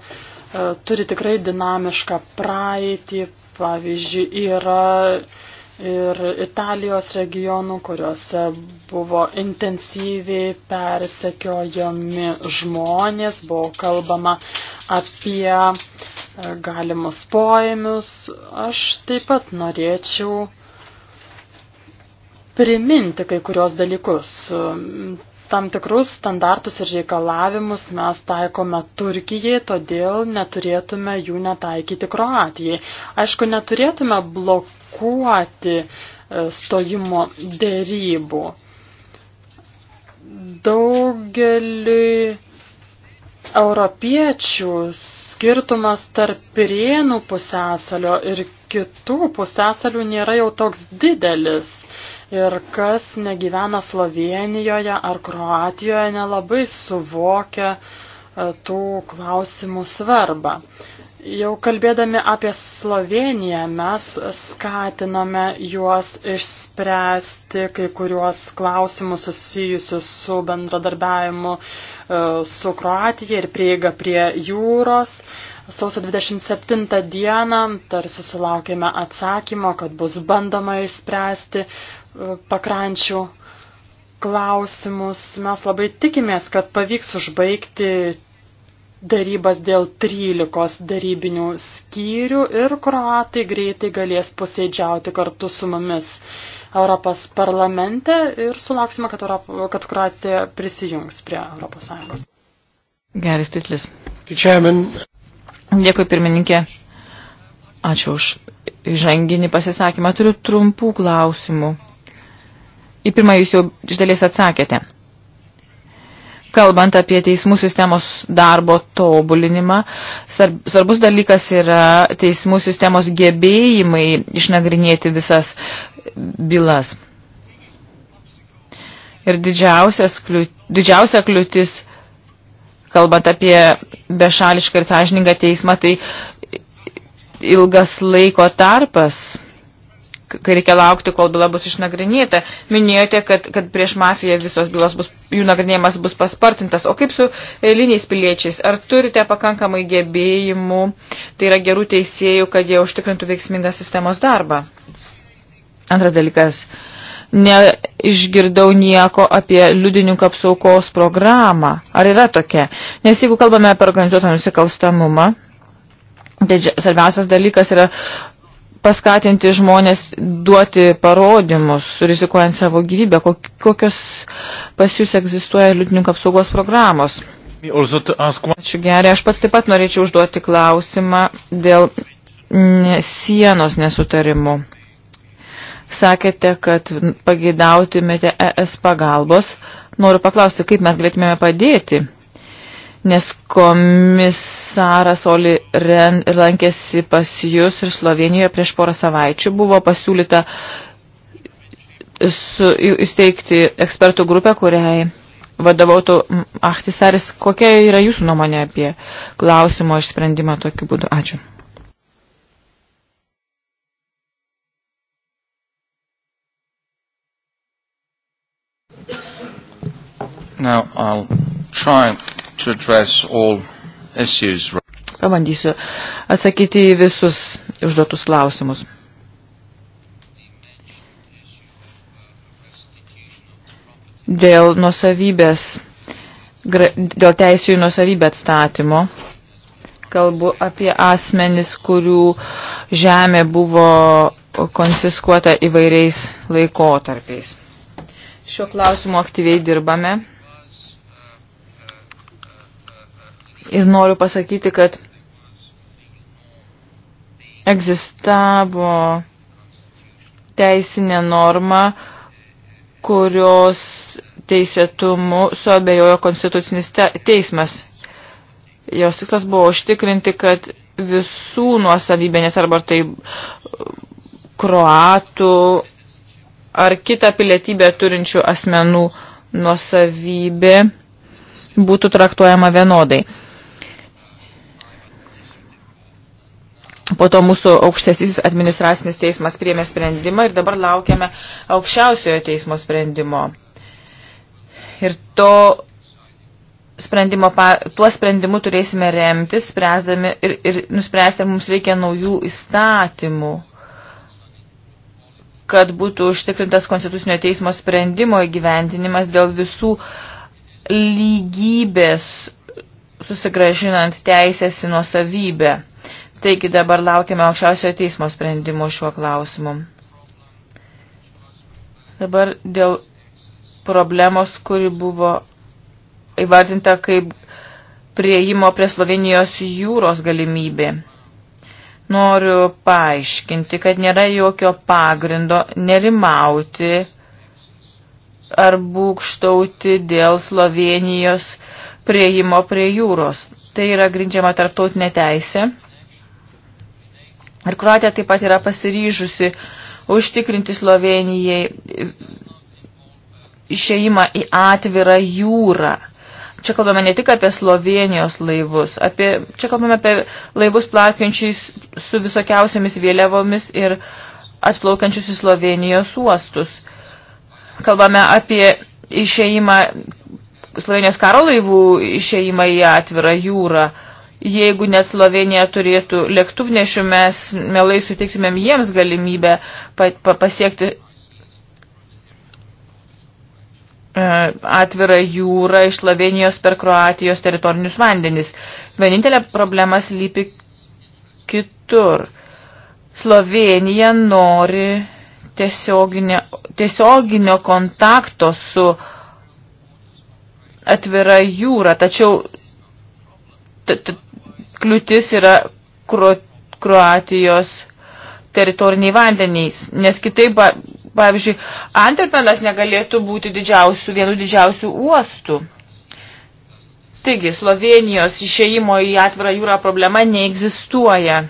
turi tikrai dinamišką praeitį. Pavyzdžiui, yra ir Italijos regionų, kuriuose buvo intensyviai persekiojami žmonės, buvo kalbama apie e, galimus poėmius. Aš taip pat norėčiau priminti kai kurios dalykus. Tam tikrus standartus ir reikalavimus mes taikome Turkijai, todėl neturėtume jų netaikyti Kroatijai. Aišku, neturėtume blokuoti e, stojimo dėrybų. Daugeliui europiečių skirtumas tarp Pirienų pusęsalio ir kitų pusęsalių nėra jau toks didelis. Ir kas negyvena Slovenijoje ar Kroatijoje, nelabai suvokia e, tų klausimų svarbą. Jau kalbėdami apie Sloveniją mes skatinome juos išspręsti kai kuriuos klausimus susijusius su bendradarbiavimu e, su Kroatija ir prieiga prie jūros. Sausio 27 dieną tarsi sulaukėme atsakymo, kad bus bandoma išspręsti pakrančių klausimus. Mes labai tikimės, kad pavyks užbaigti darybas dėl 13 darybinių skyrių ir kroatai greitai galės posėdžiauti kartu su mumis Europos parlamente ir sulauksime, kad, Europo, kad Kroatija prisijungs prie Europos Sąjungos. Geras titlis. Dėkui pirmininkė. Ačiū už įžanginį pasisakymą. Turiu trumpų klausimų į pirmą jūs jau iš dalies atsakėte. Kalbant apie teismų sistemos darbo tobulinimą, svarbus dalykas yra teismų sistemos gebėjimai išnagrinėti visas bylas. Ir kliū, didžiausia kliūtis, kalbant apie bešališką ir sąžiningą teismą, tai ilgas laiko tarpas kai reikia laukti, kol byla bus išnagrinėta. Minėjote, kad, kad prieš mafiją visos bylos bus, jų nagrinėjimas bus paspartintas. O kaip su eiliniais piliečiais? Ar turite pakankamai gebėjimų, tai yra gerų teisėjų, kad jie užtikrintų veiksmingą sistemos darbą? Antras dalykas. Neišgirdau nieko apie liudininkų apsaukos programą. Ar yra tokia? Nes jeigu kalbame apie organizuotą nusikalstamumą, tai svarbiausias dalykas yra paskatinti žmonės duoti parodymus, rizikuojant savo gyvybę, kokios pas jūs egzistuoja liudininko apsaugos programos. Ačiū gerai, aš pats taip pat norėčiau užduoti klausimą dėl sienos nesutarimų. Sakėte, kad pageidautumėte ES pagalbos. Noriu paklausti, kaip mes galėtumėme padėti nes komisaras Oli Ren lankėsi pas jūs ir Slovenijoje prieš porą savaičių. Buvo pasiūlyta su, įsteigti ekspertų grupę, kuriai vadovautų Ahtisaris. Kokia yra jūsų nuomonė apie klausimo išsprendimą tokiu būdu? Ačiū. Now I'll try and to address all issues. Pabandysiu atsakyti į visus užduotus klausimus. Dėl nusavybės, dėl teisų į nusavybę atstatymo, kalbu apie asmenis, kurių žemė buvo konfiskuota įvairiais laikotarpiais. Šiuo klausimu aktyviai dirbame Ir noriu pasakyti, kad egzistavo teisinė norma, kurios teisėtumu suabejojo konstitucinis te teismas. Jos tikslas buvo užtikrinti, kad visų nuosavybė, nes arba tai kroatų ar kitą pilietybę turinčių asmenų nuosavybė būtų traktuojama vienodai. Po to mūsų aukštasis administracinis teismas priėmė sprendimą ir dabar laukiame aukščiausiojo teismo sprendimo. Ir to sprendimo, tuo sprendimu turėsime remtis spręsdami ir, ir nuspręsti, ar mums reikia naujų įstatymų, kad būtų užtikrintas konstitucinio teismo sprendimo įgyventinimas dėl visų lygybės susigražinant teisės į nuosavybę. Taigi dabar laukiame aukščiausiojo teismo sprendimo šiuo klausimu. Dabar dėl problemos, kuri buvo įvardinta kaip prieimo prie Slovenijos jūros galimybė. Noriu paaiškinti, kad nėra jokio pagrindo nerimauti ar būkštauti dėl Slovenijos prieimo prie jūros. Tai yra grindžiama tarptautinė teisė Ir Kroatija taip pat yra pasiryžusi užtikrinti Slovenijai išeimą į atvirą jūrą. Čia kalbame ne tik apie Slovenijos laivus, apie, čia kalbame apie laivus plakiančiais su visokiausiamis vėliavomis ir atplaukiančius į Slovenijos uostus. Kalbame apie išeimą, Slovenijos karo laivų išeimą į atvirą jūrą jeigu net Slovenija turėtų lėktuvnešių, mes melai sutiktumėm jiems galimybę pasiekti e, atvirą jūrą iš Slovenijos per Kroatijos teritorinius vandenis. Vienintelė problema slypi kitur. Slovenija nori tiesioginio, tiesioginio kontakto su atvira jūra, tačiau kliūtis yra Kro, Kroatijos teritoriniai vandenys, nes kitaip, pavyzdžiui, Anterpenas negalėtų būti didžiausių, vienu didžiausių uostų. Taigi, Slovenijos išėjimo į atvirą jūrą problema neegzistuoja.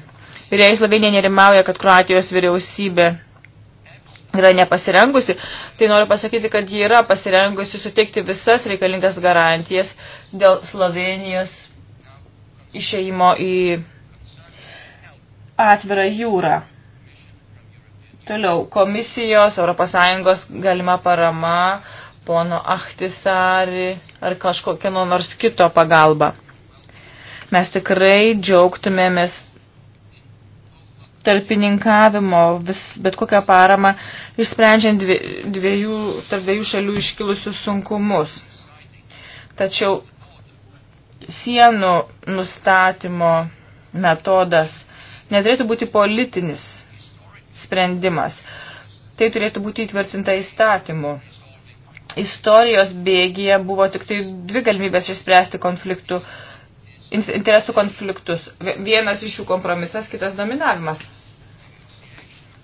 Ir jei Slovenija nerimauja, kad Kroatijos vyriausybė yra nepasirengusi, tai noriu pasakyti, kad ji yra pasirengusi suteikti visas reikalingas garantijas dėl Slovenijos išeimo į atvirą jūrą. Toliau, komisijos, ES galima parama, pono Achtisari ar kažkokia nors kito pagalba. Mes tikrai džiaugtumėmės tarpininkavimo, vis, bet kokią paramą, išsprendžiant dviejų, tarp dviejų šalių iškilusius sunkumus. Tačiau sienų nustatymo metodas neturėtų būti politinis sprendimas. Tai turėtų būti įtvirtinta įstatymu. Istorijos bėgėje buvo tik tai dvi galimybės išspręsti konfliktų, interesų konfliktus. Vienas iš jų kompromisas, kitas dominavimas.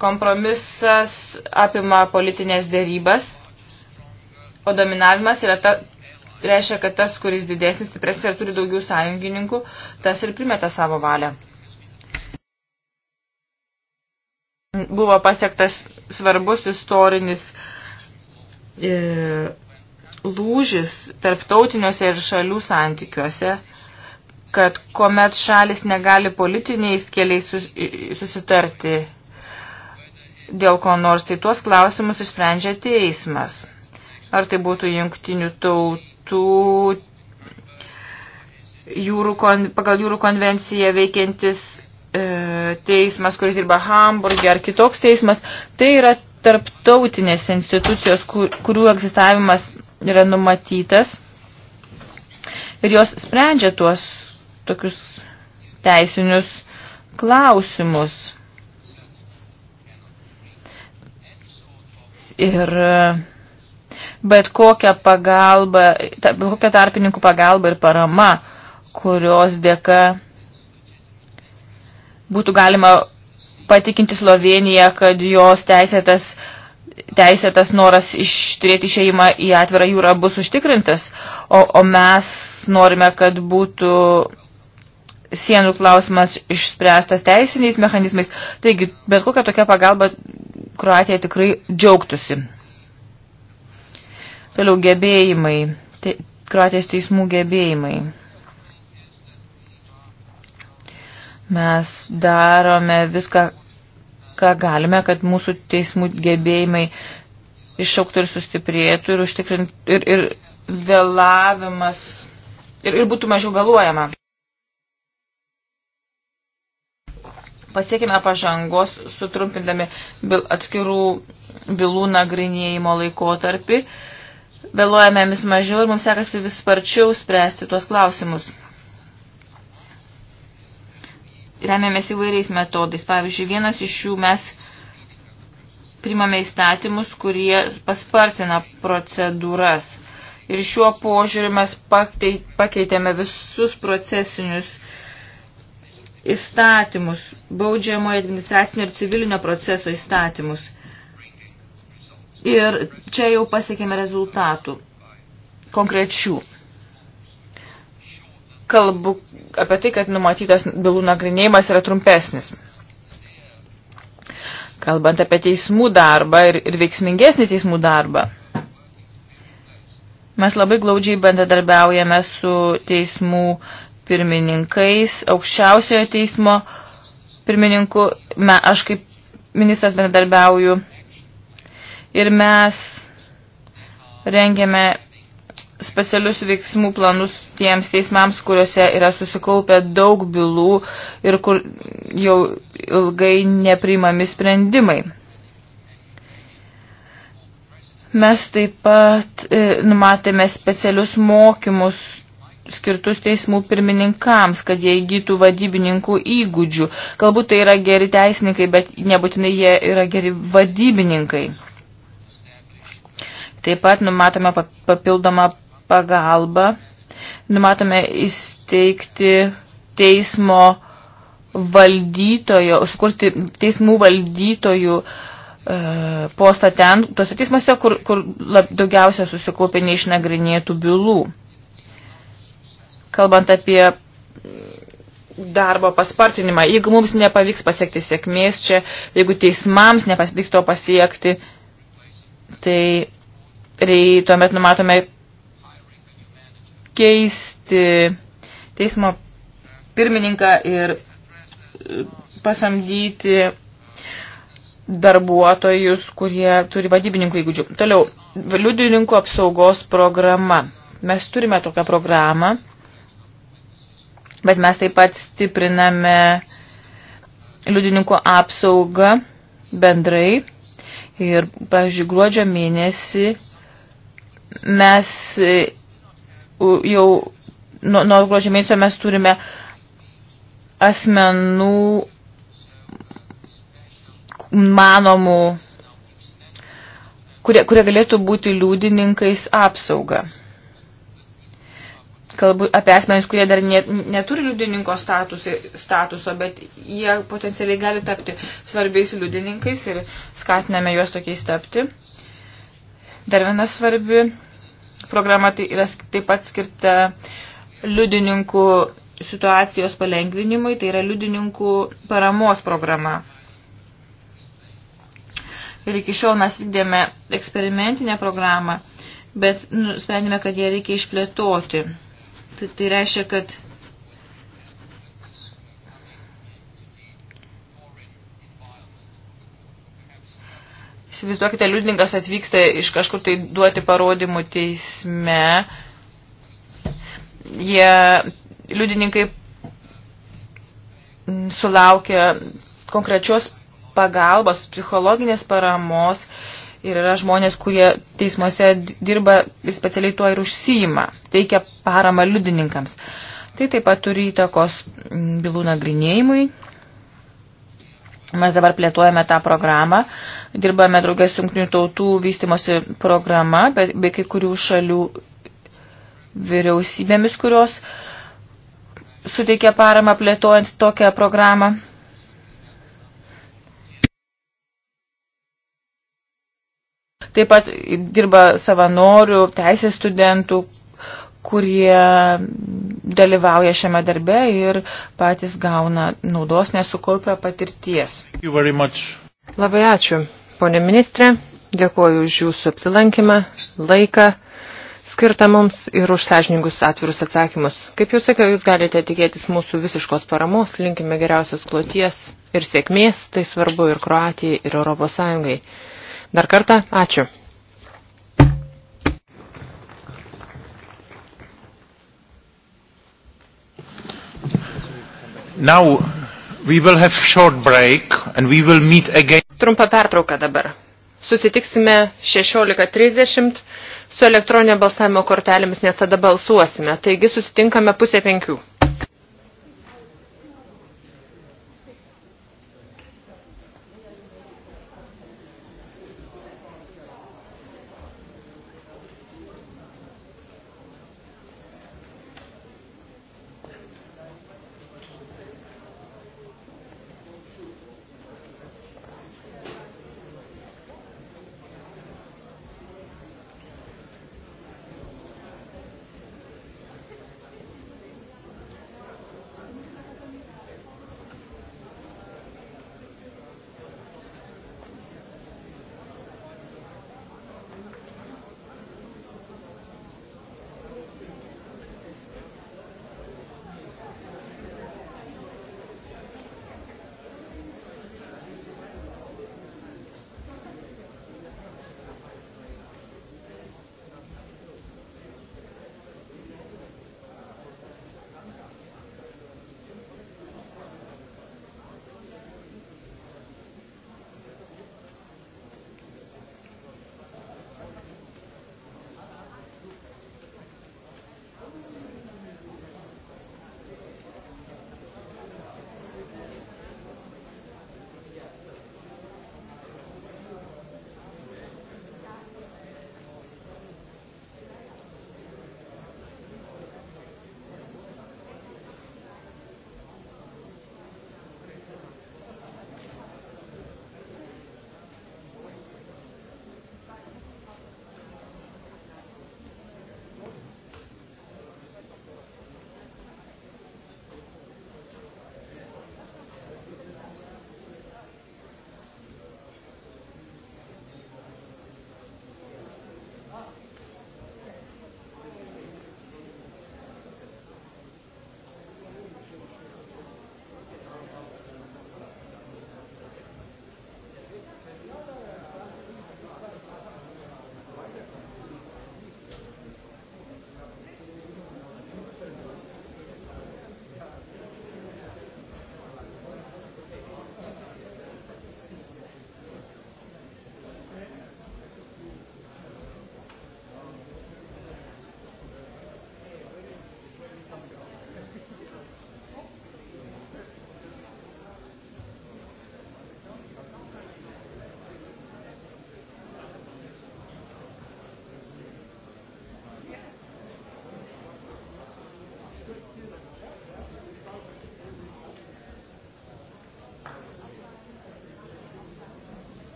Kompromisas apima politinės dėrybas, o dominavimas yra ta Tai reiškia, kad tas, kuris didesnis, stipresnis ir turi daugiau sąjungininkų, tas ir primeta savo valią. Buvo pasiektas svarbus istorinis e, lūžis tarptautiniuose ir šalių santykiuose, kad kuomet šalis negali politiniais keliais sus, susitarti dėl ko nors, tai tuos klausimus išsprendžia teismas ar tai būtų jungtinių tautų tautų jūrų kon, pagal jūrų konvenciją veikiantis e, teismas, kuris dirba Hamburgė ar kitoks teismas, tai yra tarptautinės institucijos, kur, kurių egzistavimas yra numatytas ir jos sprendžia tuos tokius teisinius klausimus. Ir e, bet kokią pagalbą, ta, kokią tarpininkų pagalbą ir parama, kurios dėka būtų galima patikinti Sloveniją, kad jos teisėtas, teisėtas noras išturėti išeimą į atvirą jūrą bus užtikrintas, o, o mes norime, kad būtų sienų klausimas išspręstas teisiniais mechanizmais. Taigi, bet kokia tokia pagalba Kroatija tikrai džiaugtųsi. Toliau gebėjimai, te, Kroatijos teismų gebėjimai. Mes darome viską, ką galime, kad mūsų teismų gebėjimai išauktų ir sustiprėtų ir, užtikrint, ir, ir vėlavimas ir, ir būtų mažiau vėluojama. Pasiekime pažangos, sutrumpindami atskirų bylų nagrinėjimo laikotarpį. tarpį vėluojame vis mažiau ir mums sekasi vis sparčiau spręsti tuos klausimus. Remiamės įvairiais metodais. Pavyzdžiui, vienas iš jų mes primame įstatymus, kurie paspartina procedūras. Ir šiuo požiūriu mes pakeitėme visus procesinius įstatymus, baudžiamojo administracinio ir civilinio proceso įstatymus. Ir čia jau pasiekėme rezultatų konkrečių. Kalbu apie tai, kad numatytas bylų nagrinėjimas yra trumpesnis. Kalbant apie teismų darbą ir, ir veiksmingesnį teismų darbą, mes labai glaudžiai bendradarbiaujame su teismų pirmininkais, aukščiausiojo teismo pirmininku, me, aš kaip ministras bendradarbiauju ir mes rengiame specialius veiksmų planus tiems teismams, kuriuose yra susikaupę daug bylų ir kur jau ilgai nepriimami sprendimai. Mes taip pat e, numatėme specialius mokymus skirtus teismų pirmininkams, kad jie įgytų vadybininkų įgūdžių. Galbūt tai yra geri teisininkai, bet nebūtinai jie yra geri vadybininkai. Taip pat numatome papildomą pagalbą, numatome įsteigti teismo valdytojo, užkurti teismų valdytojų e, postą ten, tuose teismuose, kur, kur lab, daugiausia susikaupė neišnagrinėtų bylų. Kalbant apie darbo paspartinimą, jeigu mums nepavyks pasiekti sėkmės čia, jeigu teismams nepavyks to pasiekti, tai rei, tai tuomet numatome keisti teismo pirmininką ir e, pasamdyti darbuotojus, kurie turi vadybininkų įgūdžių. Toliau, liudininkų apsaugos programa. Mes turime tokią programą, bet mes taip pat stipriname liudininkų apsaugą bendrai. Ir, pavyzdžiui, gruodžio mėnesį mes e, jau nuo, nuo gruodžio mėnesio mes turime asmenų manomų, kurie, kurie galėtų būti liudininkais apsauga. Kalbu apie asmenys, kurie dar net, neturi liudininko statusą, statuso, bet jie potencialiai gali tapti svarbiais liudininkais ir skatiname juos tokiais tapti. Dar viena svarbi programa tai yra taip pat skirta liudininkų situacijos palengvinimui, tai yra liudininkų paramos programa. Ir iki šiol mes vykdėme eksperimentinę programą, bet nusprendėme, kad ją reikia išplėtoti. Tai, tai reiškia, kad Įsivaizduokite, liudininkas atvyksta iš kažkur tai duoti parodymų teisme. Jie liudininkai sulaukia konkrečios pagalbos, psichologinės paramos ir yra žmonės, kurie teismuose dirba specialiai tuo ir užsijima, teikia paramą liudininkams. Tai taip pat turi įtakos bylų nagrinėjimui, Mes dabar plėtojame tą programą, dirbame draugės jungtinių tautų vystimosi programa, bei kai kurių šalių vyriausybėmis, kurios suteikia paramą plėtojant tokią programą. Taip pat dirba savanorių, teisės studentų, kurie dalyvauja šiame darbe ir patys gauna naudos nesukaupę patirties. Labai ačiū, ponė ministrė. Dėkuoju už jūsų apsilankymą, laiką skirtą mums ir už sąžiningus atvirus atsakymus. Kaip jau sakiau, jūs galite tikėtis mūsų visiškos paramos, linkime geriausios kloties ir sėkmės, tai svarbu ir Kroatijai, ir Europos Sąjungai. Dar kartą, ačiū. Now we will have short break and we will meet again. Trumpa pertrauka dabar. Susitiksime 16.30 su elektroninio balsavimo kortelėmis, nes tada balsuosime. Taigi susitinkame pusę penkių.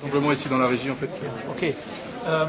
Simplement ici dans la région en fait. Ok. Um...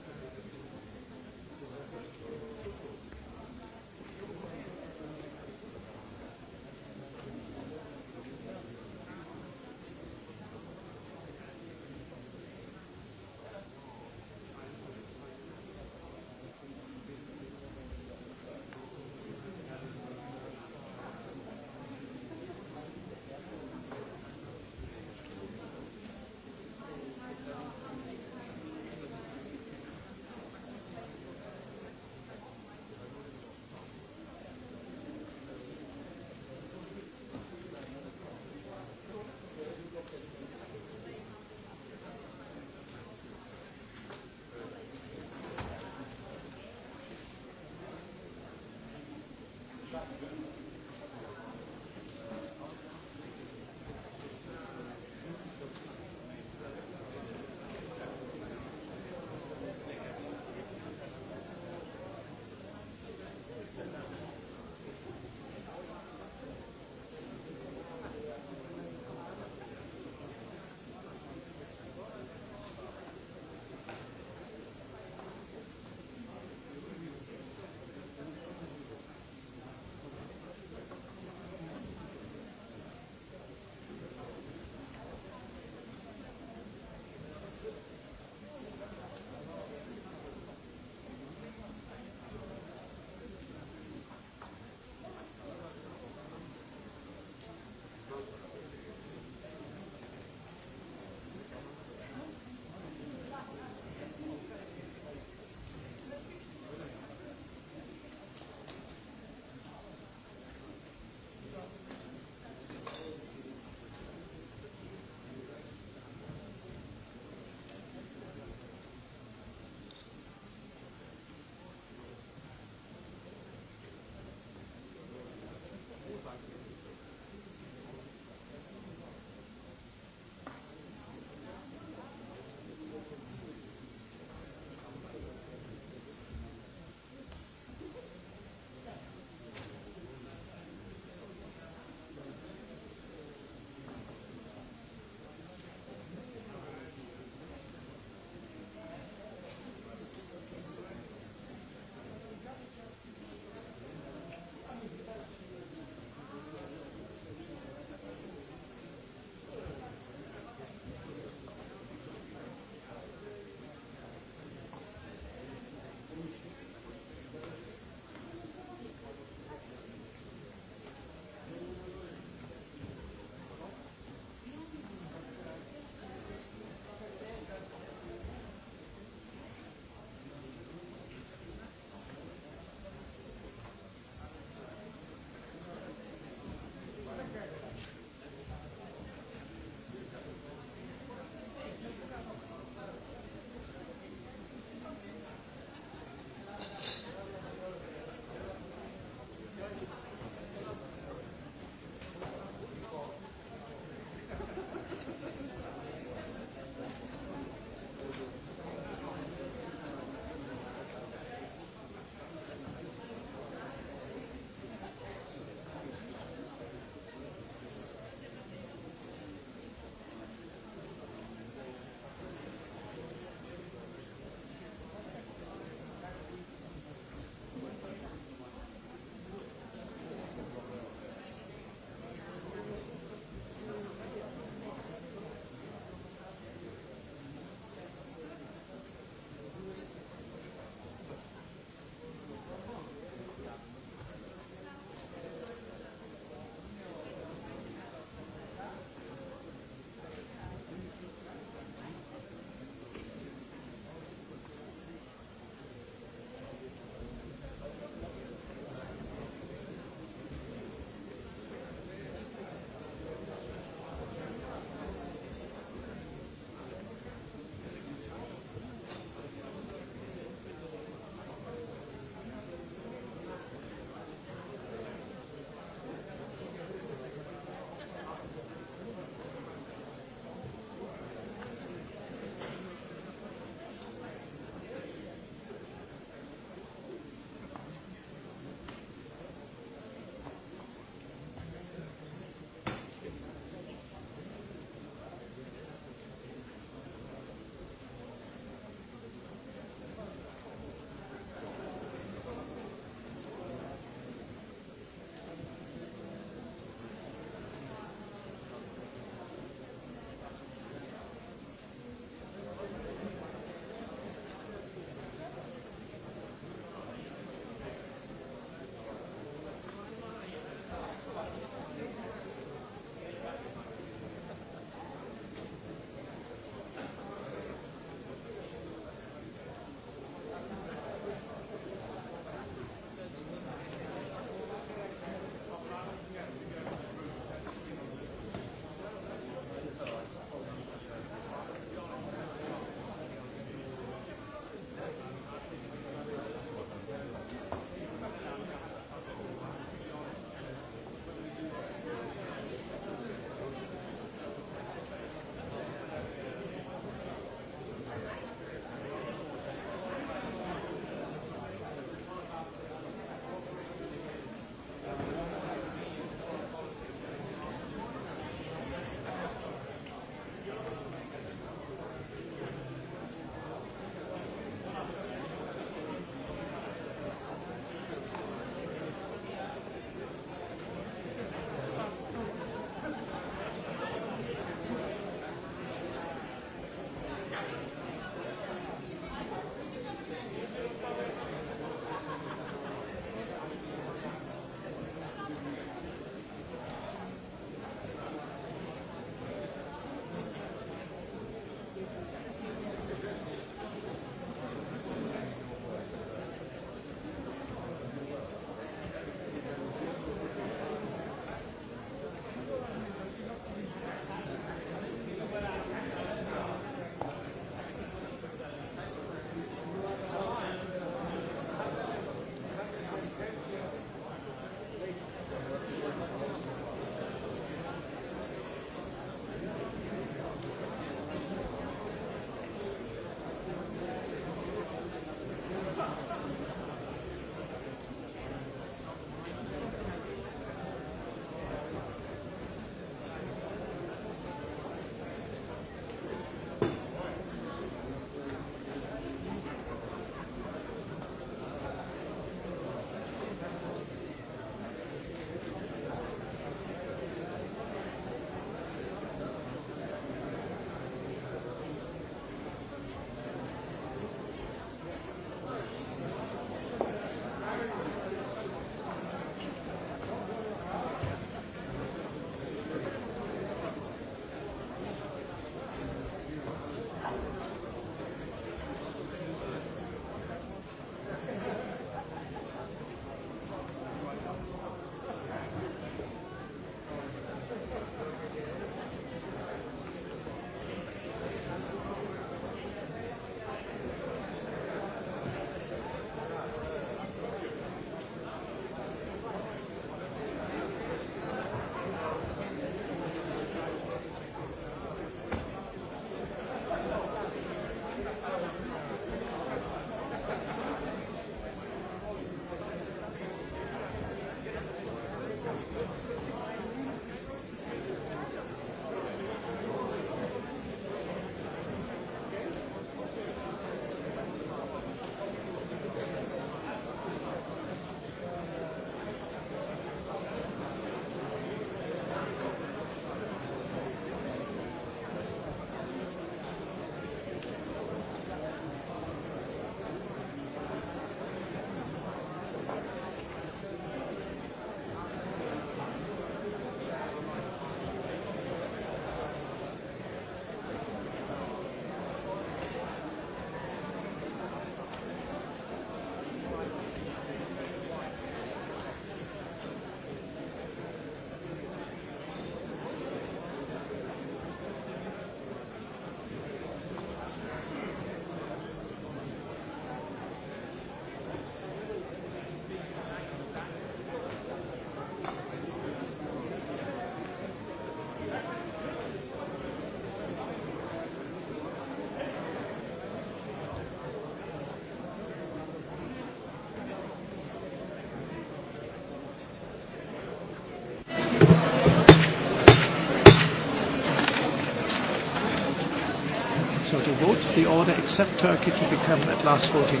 ask the order, except Turkey, to become at last voting.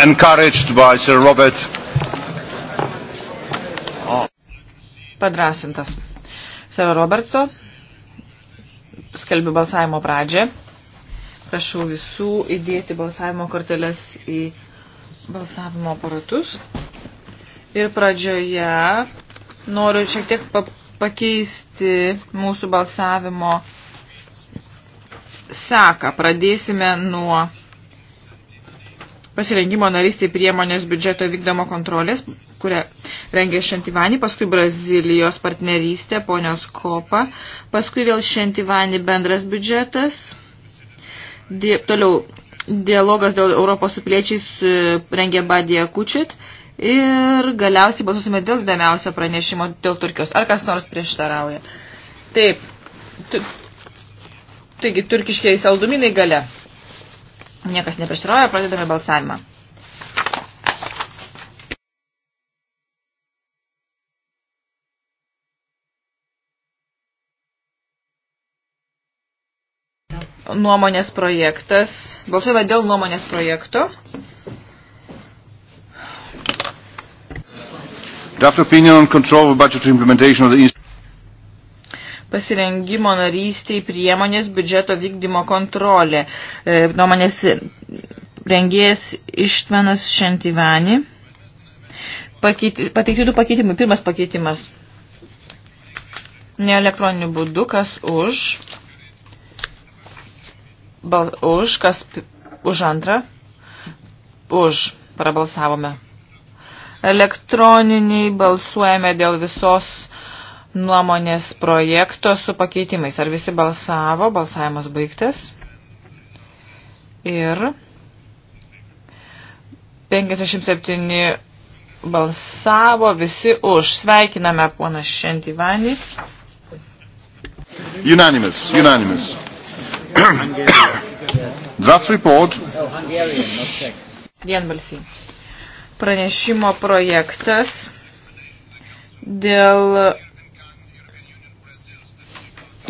Encouraged by Sir Robert. Oh. Padrasintas. Sero Roberto, skelbiu balsavimo pradžią. Prašau visų įdėti balsavimo korteles į balsavimo aparatus. Ir pradžioje noriu šiek tiek pakeisti mūsų balsavimo seką. Pradėsime nuo pasirengimo narystė priemonės biudžeto vykdomo kontrolės, kurią rengė Šantivani, paskui Brazilijos partnerystė, ponios Kopa, paskui vėl Šantivani bendras biudžetas, di toliau dialogas dėl Europos su piliečiais e, rengė Badija Kučit ir galiausiai balsusime dėl damiausio pranešimo dėl Turkijos. Ar kas nors prieštarauja? Taip. Tu, taigi, turkiškiai saldumynai gale. Niekas neprieštarauja, pradedame balsavimą. nuomonės projektas. Balsuojame dėl nuomonės projekto. Draft opinion on control of budgetary implementation of the pasirengimo narystiai priemonės biudžeto vykdymo kontrolė. E, nuomonės rengėjas Ištvenas Šentivani. Pakeiti, pateikti du pakeitimai. Pirmas pakeitimas. Ne elektroniniu būdu, kas už. Bal, už, kas už antrą. Už. Prabalsavome elektroniniai, balsuojame dėl visos nuomonės projekto su pakeitimais. Ar visi balsavo? Balsavimas baigtas. Ir 57 balsavo visi už. Sveikiname poną Šentivanį. Unanimous, unanimous. Draft report. Dienbalsiai pranešimo projektas dėl,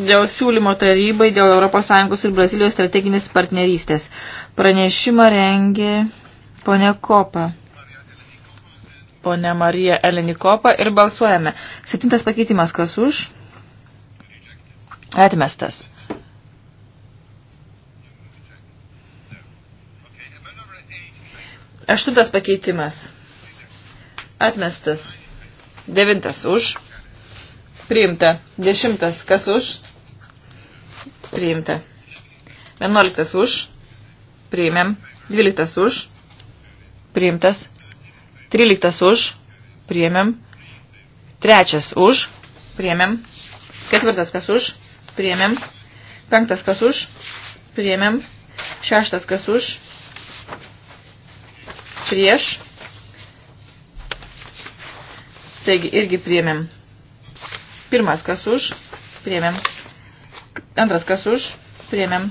dėl siūlymo tarybai dėl ES ir Brazilijos strateginės partnerystės. Pranešimą rengė ponė Kopa. Pone Marija Elenikopa ir balsuojame. Septintas pakeitimas kas už? Atmestas. Aštuntas pakeitimas. Atmestas. Devintas už. Priimta. Dešimtas kas už. Priimta. Vienuoliktas už. Priėmėm. Dvyliktas už. Priimtas. Tryliktas už. Priėmėm. Trečias už. Priėmėm. Ketvirtas kas už. Priėmėm. Penktas kas už. Priėmėm. Šeštas kas už prieš. Taigi irgi priėmėm. Pirmas kas už, priėmėm. Antras kas už, priėmėm.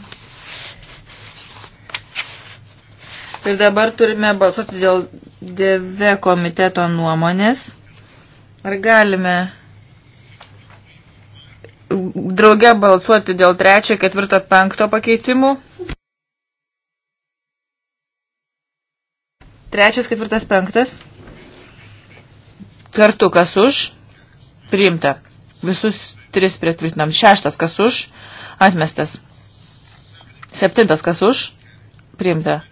Ir dabar turime balsuoti dėl DV komiteto nuomonės. Ar galime drauge balsuoti dėl trečio, ketvirto, penkto pakeitimų? Trečias, ketvirtas, penktas. Kartu kas už. Priimta. Visus tris pritvirtinam. Šeštas kas už. Atmestas. Septintas kas už. Priimta.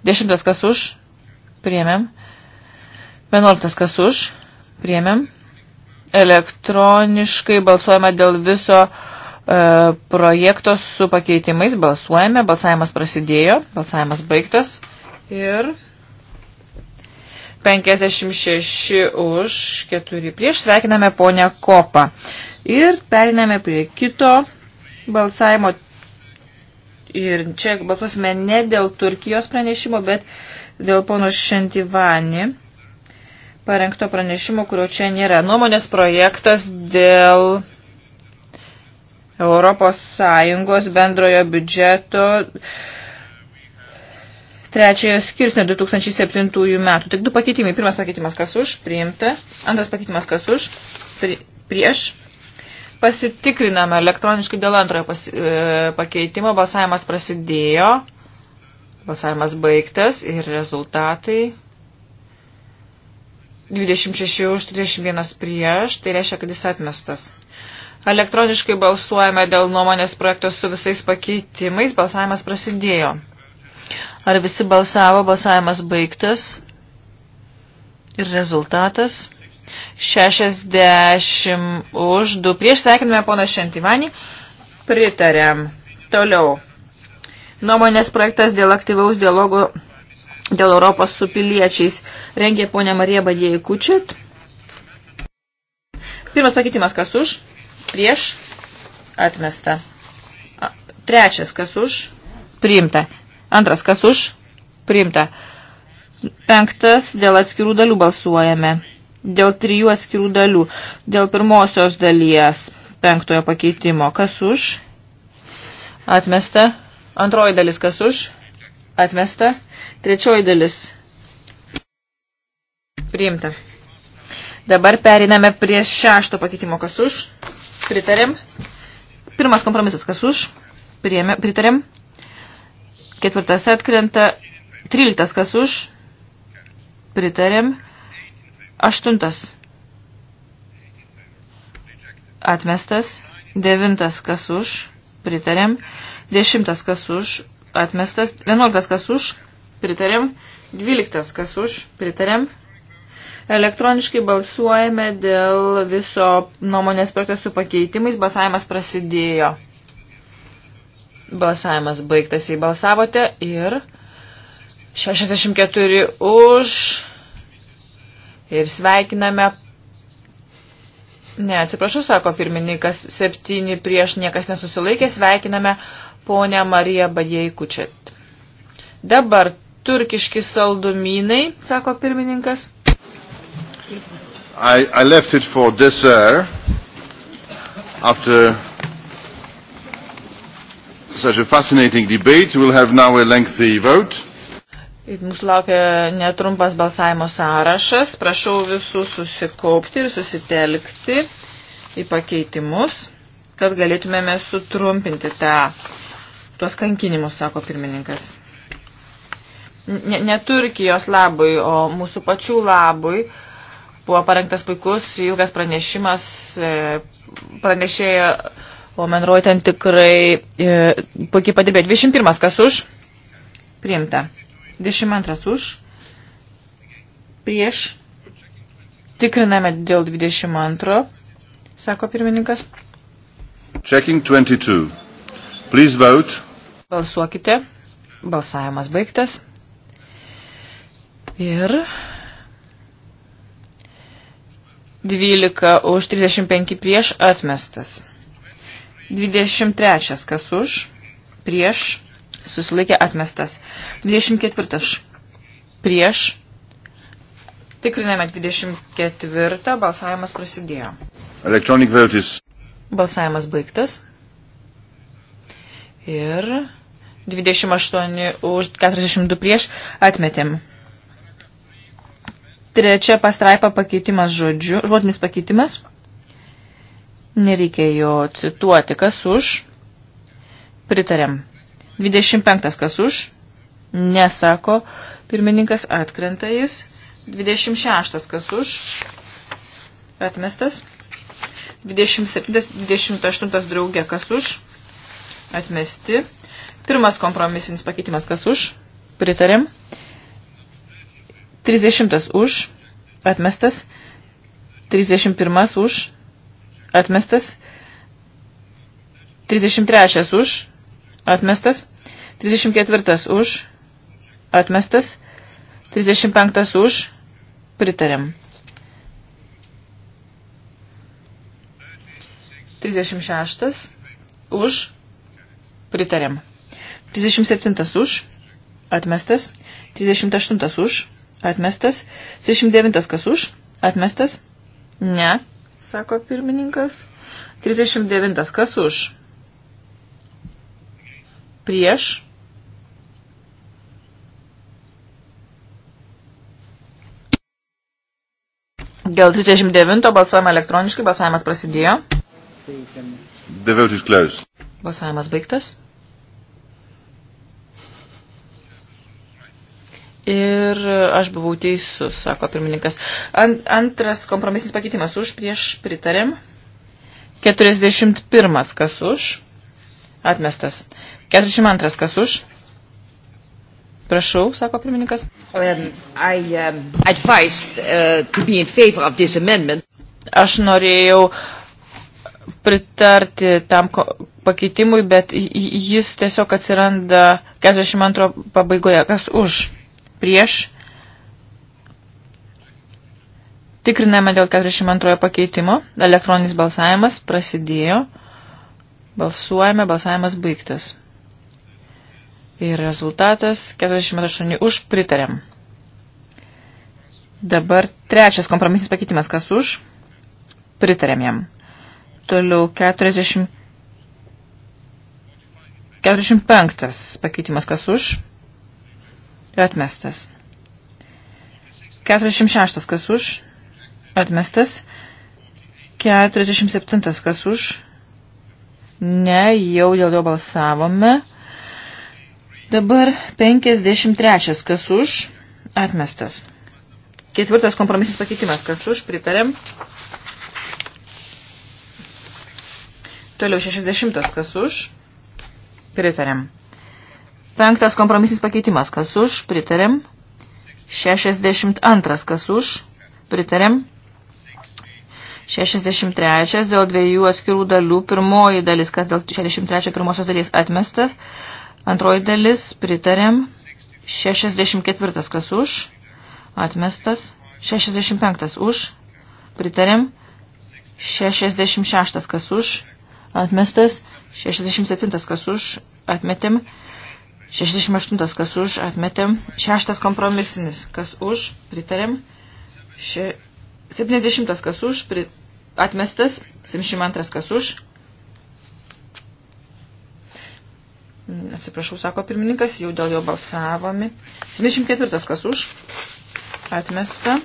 Dešimtas kas už. Priėmėm. Vienuoliktas kas už. Priėmėm. Elektroniškai balsuojame dėl viso e, projekto su pakeitimais balsuojame, balsavimas prasidėjo, balsavimas baigtas ir 56 už 4 prieš. Sveikiname ponę Kopą. Ir periname prie kito balsavimo. Ir čia balsuosime ne dėl Turkijos pranešimo, bet dėl pono Šentivani parengto pranešimo, kurio čia nėra. Nuomonės projektas dėl Europos Sąjungos bendrojo biudžeto trečiojo skirsnio 2007 metų. Tik du pakeitimai. Pirmas pakeitimas kas už, priimta. Antras pakeitimas kas už, pri, prieš. Pasitikriname elektroniškai dėl antrojo pas, e, pakeitimo. Balsavimas prasidėjo. Balsavimas baigtas ir rezultatai 26 už 31 prieš, tai reiškia, kad jis atmestas. Elektroniškai balsuojame dėl nuomonės projekto su visais pakeitimais. Balsavimas prasidėjo. Ar visi balsavo, balsavimas baigtas. Ir rezultatas. 60 už 2. Prieš sveikiname poną Šentivanį. Pritariam. Toliau. Nuomonės projektas dėl aktyvaus dialogo dėl Europos su piliečiais rengė ponė Marija Badėjai Kučet. Pirmas pakeitimas, kas už, prieš, atmesta. Trečias, kas už, priimta. Antras, kas už? Priimta. Penktas, dėl atskirų dalių balsuojame. Dėl trijų atskirų dalių. Dėl pirmosios dalies penktojo pakeitimo. Kas už? Atmesta. Antroji dalis, kas už? Atmesta. Trečioji dalis. Priimta. Dabar periname prie šešto pakeitimo. Kas už? Pritarėm. Pirmas kompromisas. Kas už? Priėmė, pritarėm. Ketvirtas atkrenta. Tryliktas kas už. Pritarėm. Aštuntas. Atmestas. Devintas kas už. Pritarėm. Dešimtas kas už. Atmestas. Vienuoliktas kas už. Pritarėm. Dvyliktas kas už. Pritarėm. Elektroniškai balsuojame dėl viso nuomonės projekto su pakeitimais. Balsavimas prasidėjo. Balsavimas baigtas, jei balsavote ir 64 už ir sveikiname. Ne, atsiprašau, sako pirmininkas, septyni prieš niekas nesusilaikė, sveikiname ponę Mariją Badėjai Kučet. Dabar turkiški saldumynai, sako pirmininkas. I, I left it for dessert after such a fascinating debate. We'll have now a lengthy vote. Mūsų laukia netrumpas balsavimo sąrašas. Prašau visų susikaupti ir susitelkti į pakeitimus, kad galėtumėme sutrumpinti tą, tuos kankinimus, sako pirmininkas. Ne, ne Turkijos labui, o mūsų pačių labui buvo parengtas puikus ilgas pranešimas, e, pranešėjo O Menroj ten tikrai e, puikiai padirbė. 21 kas už? Priimta. 22 už. Prieš. Tikriname dėl 22, sako pirmininkas. Checking 22. Please vote. Balsuokite. Balsavimas baigtas. Ir 12 už 35 prieš atmestas. 23. Kas už? Prieš. Susilaikė atmestas. 24. Prieš. Tikriname 24. Balsavimas prasidėjo. Electronic vote is. Balsavimas baigtas. Ir 28 už 42 prieš atmetėm. Trečia pastraipa pakeitimas žodžiu, žodinis pakeitimas. Nereikia jo cituoti. Kas už? Pritarėm. 25. Kas už? Nesako. Pirmininkas atkrenta jis. 26. Kas už? Atmestas. 27. 28. Draugė. Kas už? Atmesti. Pirmas kompromisinis pakeitimas. Kas už? Pritarėm. 30 už, atmestas, 31 už, atmestas. 33 už, atmestas. 34 už, atmestas. 35 už, pritarėm. 36 už, pritarėm. 37 už, atmestas. 38 už, atmestas. 39 kas už, atmestas. Ne, sako pirmininkas. 39. Kas už? Prieš. Dėl 39 balsuojama elektroniškai, balsavimas prasidėjo. Deviltis Klaus. Balsavimas baigtas. Ir aš buvau teisus, sako pirmininkas. Ant, antras kompromisinis pakeitimas už, prieš pritarėm. 41 kas už, atmestas. 42 kas už. Prašau, sako pirmininkas. Um, I, um, advised, uh, to be in favor of this amendment. Aš norėjau pritarti tam pakeitimui, bet jis tiesiog atsiranda 42 pabaigoje. Kas už? prieš. Tikriname dėl 42 pakeitimo. Elektroninis balsavimas prasidėjo. Balsuojame, balsavimas baigtas. Ir rezultatas 48 už pritariam. Dabar trečias kompromisinis pakeitimas. Kas už? Pritariam jam. Toliau 40, 45 pakeitimas. Kas už? Atmestas. 46. Kas už? Atmestas. 47. Kas už? Ne, jau dėl jo balsavome. Dabar 53. Kas už? Atmestas. Ketvirtas kompromisinis pakeitimas. Kas už? Pritarėm. Toliau 60. Kas už? Pritarėm. Penktas kompromisinis pakeitimas. Kas už? Pritarėm. 62. Kas už? Pritarėm. 63. Dėl dviejų atskirų dalių. Pirmoji dalis, kas dėl 63 pirmosios dalies atmestas. Antroji dalis. Pritarėm. 64. Kas už? Atmestas. 65. Už. Pritarėm. 66. Kas už? Atmestas. 67. Kas už? Atmetėm. 68 kas už atmetėm, 6 kompromisinis kas už pritarėm, še, 70 kas už pri, atmestas, 72 kas už. Mm, atsiprašau, sako pirmininkas, jau dėl jo balsavome. 74 kas už atmesta,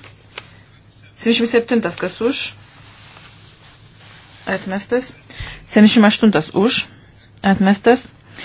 77 kas už atmestas, 78 už atmestas.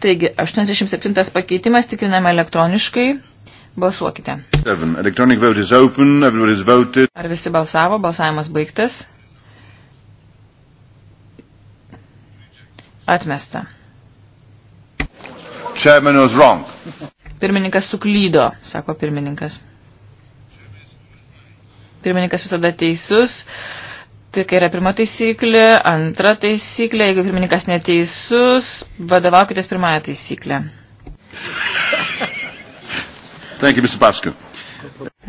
Taigi, 87 pakeitimas tikriname elektroniškai. Balsuokite. Open, Ar visi balsavo? Balsavimas baigtas. Atmesta. Chairman was wrong. Pirmininkas suklydo, sako pirmininkas. Pirmininkas visada teisus. Uh, Tai yra pirma taisyklė, antra taisyklė, jeigu pirmininkas neteisus, vadovaukitės pirmąją taisyklę. Thank you, Mr. Pasku.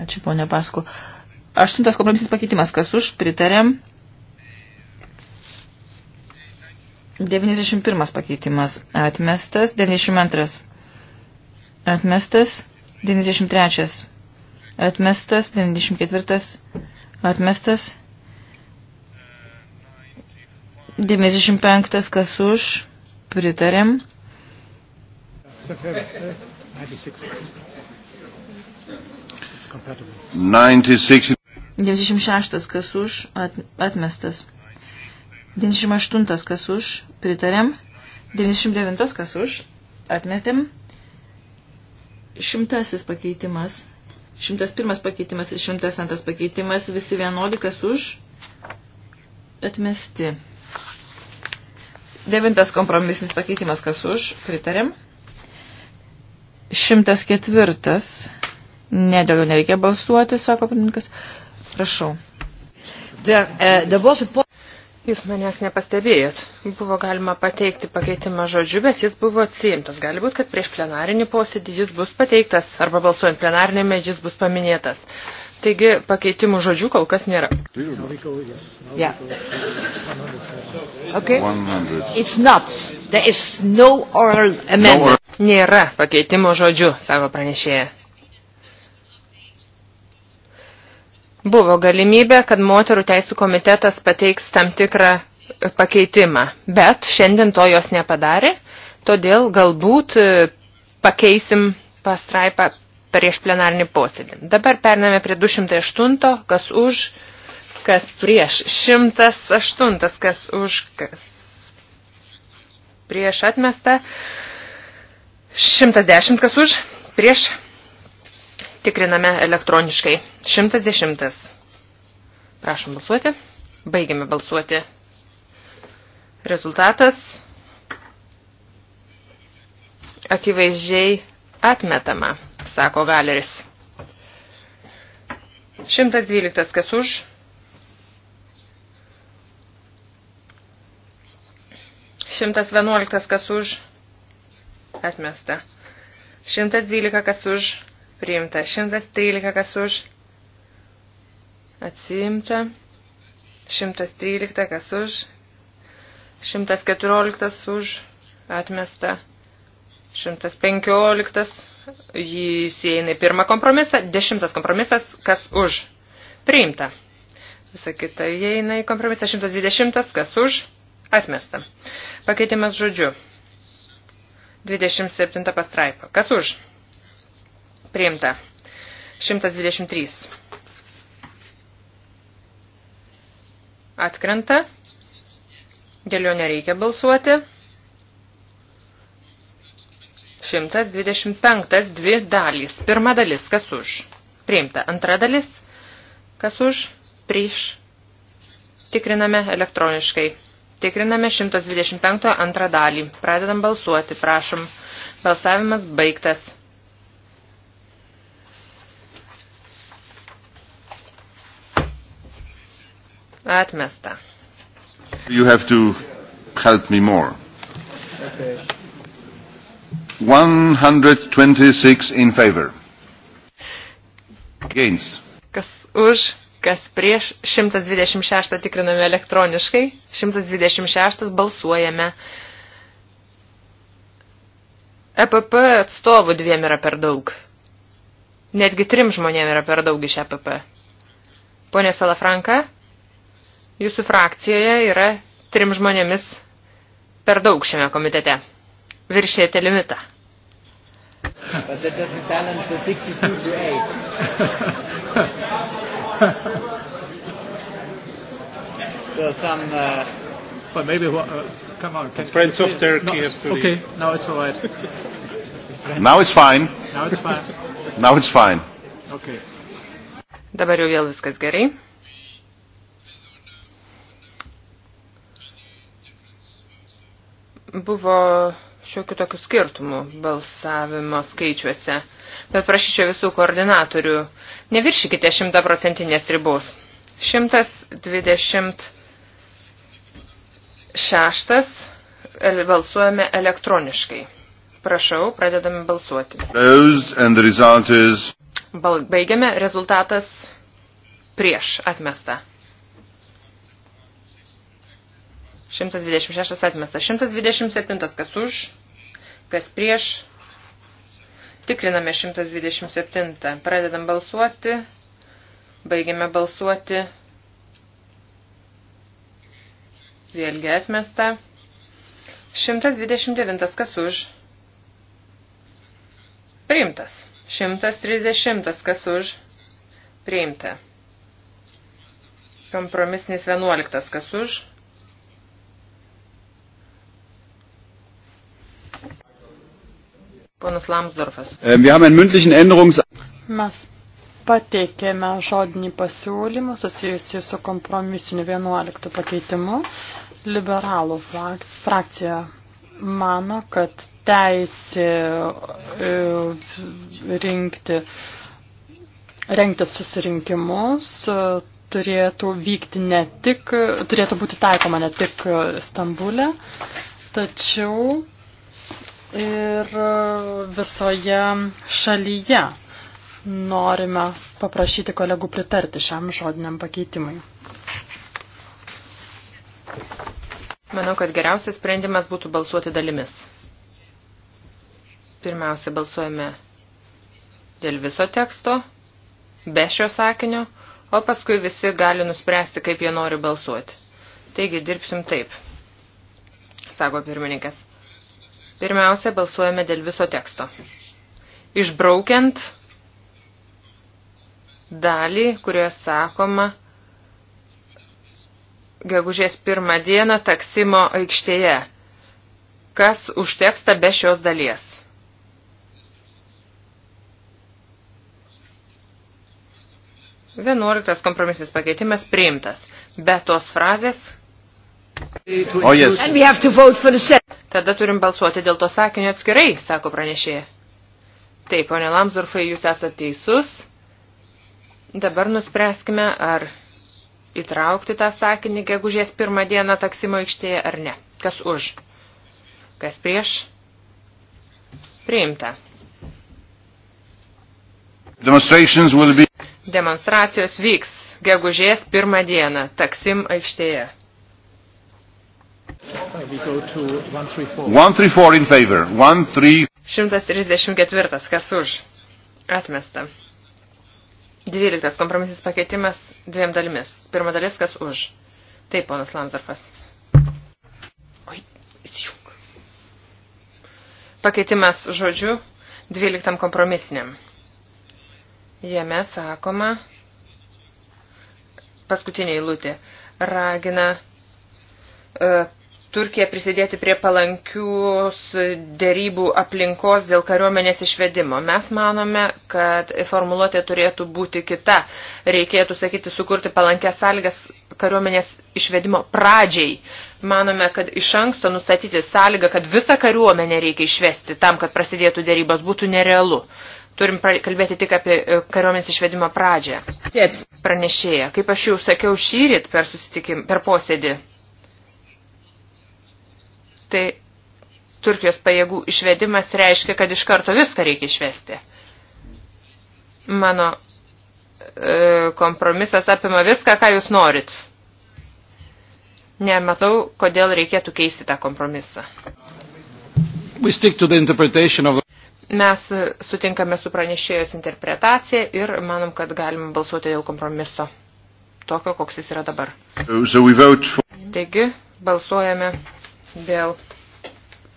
Ačiū, ponė Pasku. Aštuntas kompromisinis pakeitimas, kas už, pritarėm. 91 pakeitimas atmestas, 92 atmestas, 93 atmestas, 94 atmestas, 95 kas už, pritarėm. 96 kas už, atmestas. 98 kas už, pritarėm. 99 kas už, atmetėm. Šimtasis pakeitimas. Šimtas pirmas pakeitimas ir šimtas antras pakeitimas. Visi vienodi kas už, atmesti. Devintas kompromisinis pakeitimas, kas už, pritarėm. Šimtas ketvirtas, ne dėl jo nereikia balsuoti, sako pirmininkas. Prašau. There, uh, there was a point... Jūs manęs nepastebėjot. Buvo galima pateikti pakeitimą žodžiu, bet jis buvo atsiimtas. Gali būt, kad prieš plenarinį posėdį jis bus pateiktas, arba balsuojant plenarinėme jis bus paminėtas. Uh, Taigi pakeitimų žodžių kol kas nėra. Yeah. Okay. No no nėra pakeitimo žodžių, sako pranešėja. Buvo galimybė, kad moterų teisų komitetas pateiks tam tikrą pakeitimą, bet šiandien to jos nepadarė, todėl galbūt e, pakeisim pastraipą prieš plenarinį posėdį. Dabar pername prie 208, kas už, kas prieš. 108, kas už, kas prieš atmestą. 110, kas už, prieš. Tikriname elektroniškai. 110. Prašom balsuoti. Baigiame balsuoti. Rezultatas akivaizdžiai atmetama sako Galeris. 112 kas už. Šimtas vienuoliktas kas už atmesta. Šimtas dvylika kas už priimta. Šimtas trylika kas už atsiimta. Šimtas trylika kas už. Šimtas keturioliktas už atmesta. Šimtas penkioliktas Jį įsieina į pirmą kompromisą. Dešimtas kompromisas, kas už. Priimta. Visa kita įeina į kompromisą. 120, kas už. Atmesta. Pakeitimas žodžiu. 27 pastraipa. Kas už? Priimta. 123. Atkrenta. Dėl jo nereikia balsuoti. 125 dvi dalys. Pirma dalis, kas už? Priimta. Antra dalis, kas už? Prieš. Tikriname elektroniškai. Tikriname 125 antrą dalį. Pradedam balsuoti, prašom. Balsavimas baigtas. Atmesta. You have to help me more. Okay. 126 in favor. Against. Kas už, kas prieš. 126 tikriname elektroniškai. 126 balsuojame. EPP atstovų dviem yra per daug. Netgi trim žmonėm yra per daug iš EPP. Pone Salafranka, jūsų frakcijoje yra trim žmonėmis per daug šiame komitete. Viršėte limitą but that doesn't balance the 62 to 8. so some. Uh, but maybe what, uh, come on. Can, friends can, of Turkey no, have to. Okay, leave. now it's all right. now it's fine. Now it's fine. now it's fine. Okay. Dabar jau vėl viskas gerai. Buvo šiokių tokių skirtumų balsavimo skaičiuose, bet prašyčiau visų koordinatorių, neviršykite 100 procentinės ribos. 126 balsuojame elektroniškai. Prašau, pradedame balsuoti. Baigiame, rezultatas prieš atmestą. 126 atmestas. 127 kas už, kas prieš. Tikriname 127. Pradedam balsuoti. Baigiame balsuoti. Vėlgi atmesta. 129 kas už. Priimtas. 130 kas už. Priimta. Kompromisinis 11 kas už Ponas Lamsdorfas. Mes pateikėme žodinį pasiūlymą susijusį su kompromisiniu 11 pakeitimu. Liberalų frakcija mano, kad teisė e, rinkti, rengti susirinkimus e, turėtų vykti ne tik, turėtų būti taikoma ne tik Stambulė, tačiau ir e, visoje šalyje. Norime paprašyti kolegų pritarti šiam žodiniam pakeitimui. Manau, kad geriausias sprendimas būtų balsuoti dalimis. Pirmiausia, balsuojame dėl viso teksto, be šio sakinio, o paskui visi gali nuspręsti, kaip jie nori balsuoti. Taigi dirbsim taip, sako pirmininkas. Pirmiausia, balsuojame dėl viso teksto. Išbraukiant dalį, kurioje sakoma, gegužės pirmą dieną taksimo aikštėje. Kas už tekstą be šios dalies? Vienuoliktas kompromisinis pakeitimas priimtas. Be tos frazės Oh, yes. Tada turim balsuoti dėl to sakinio atskirai, sako pranešėja. Taip, ponė Lamsdorfai, jūs esate teisus. Dabar nuspręskime, ar įtraukti tą sakinį gegužės pirmą dieną taksimo aikštėje ar ne. Kas už? Kas prieš? Priimta. Demonstracijos vyks gegužės pirmą dieną taksim aikštėje. 134 in favor. 134. 134. Kas už? Atmesta. 12. Kompromisis pakeitimas dviem dalimis. Pirma dalis, kas už. Taip, ponas Lamsdorfas. Oi, įsijung. Pakeitimas žodžiu 12 kompromisiniam. Jame sakoma, paskutinė eilutė, ragina e, Turkiją prisidėti prie palankius dėrybų aplinkos dėl kariuomenės išvedimo. Mes manome, kad formuluotė turėtų būti kita. Reikėtų, sakyti, sukurti palankės sąlygas kariuomenės išvedimo pradžiai. Manome, kad iš anksto nustatyti sąlygą, kad visą kariuomenę reikia išvesti tam, kad prasidėtų dėrybos, būtų nerealu. Turim kalbėti tik apie e, kariuomenės išvedimo pradžią. Pranešėja, kaip aš jau sakiau šyrit per, per posėdį, tai Turkijos pajėgų išvedimas reiškia, kad iš karto viską reikia išvesti. Mano e, kompromisas apima viską, ką jūs norit. Nematau, kodėl reikėtų keisti tą kompromisą. Of... Mes sutinkame su pranešėjos interpretacija ir manom, kad galim balsuoti dėl kompromiso. Tokio, koks jis yra dabar. So for... Taigi, balsuojame dėl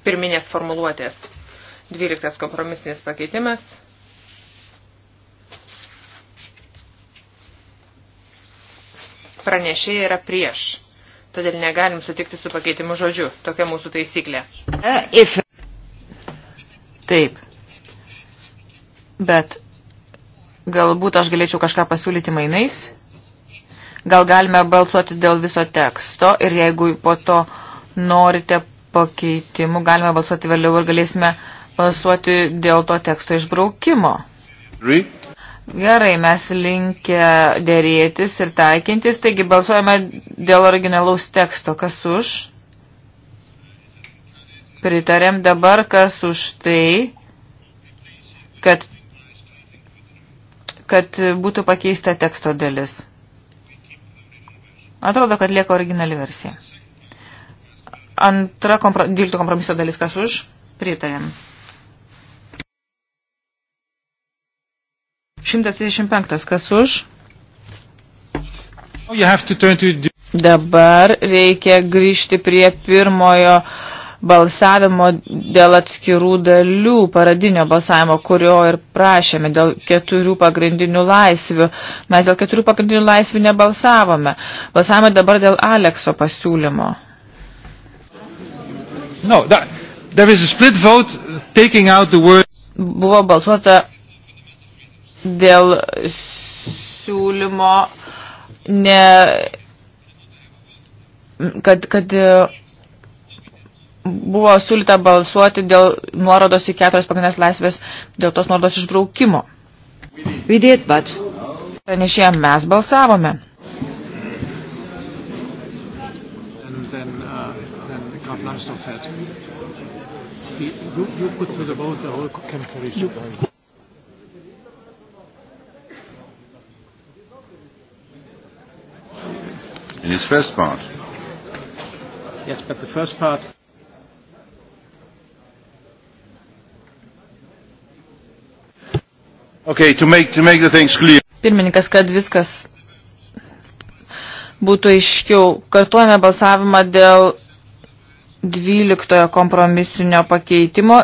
pirminės formuluotės. 12 kompromisinis pakeitimas. Pranešėjai yra prieš. Todėl negalim sutikti su pakeitimu žodžiu. Tokia mūsų taisyklė. Uh, if... Taip. Bet galbūt aš galėčiau kažką pasiūlyti mainais. Gal galime balsuoti dėl viso teksto ir jeigu po to uh, norite pakeitimų, galime balsuoti vėliau ir galėsime balsuoti dėl to teksto išbraukimo. Gerai, mes linkę dėrėtis ir taikintis, taigi balsuojame dėl originalaus teksto. Kas už? Pritarėm dabar, kas už tai, kad, kad būtų pakeista teksto dalis. Atrodo, kad lieka originali versija. Antra kompro, 12 kompromiso dalis kas už? Pritarėm. 135 kas už? To to... Dabar reikia grįžti prie pirmojo balsavimo dėl atskirų dalių paradinio balsavimo, kurio ir prašėme dėl keturių pagrindinių laisvių. Mes dėl keturių pagrindinių laisvių nebalsavome. Balsavome dabar dėl Alekso pasiūlymo. No, that, there is a split vote taking out the word. Buvo balsuota dėl siūlymo, ne, kad, kad buvo siūlyta balsuoti dėl nuorodos į keturias pagrindinės laisvės, dėl tos nuorodos išbraukimo. We did, but... Pranešėjom, mes balsavome. You, you put to the vote the whole chemical issue. You, in his first part. Yes, but the first part. Okay, to make, to make the things clear. Pirmininkas, kad viskas būtų aiškiau. Kartuojame balsavimą dėl 12 kompromisinio pakeitimo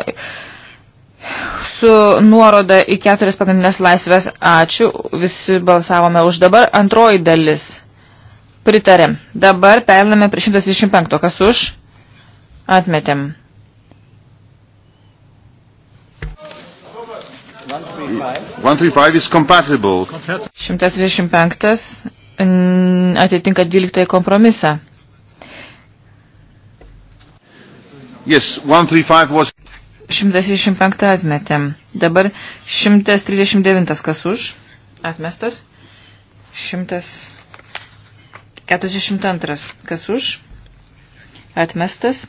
su nuoroda į keturias pagrindinės laisvės. Ačiū, visi balsavome už dabar. Antroji dalis. Pritarėm. Dabar periname prie 125. Kas už? Atmetėm. One, three, 135 atitinka 12 kompromisą. Yes, 135 was... 135 atmetėm. Dabar 139 kas už? Atmestas. 142 kas už? Atmestas.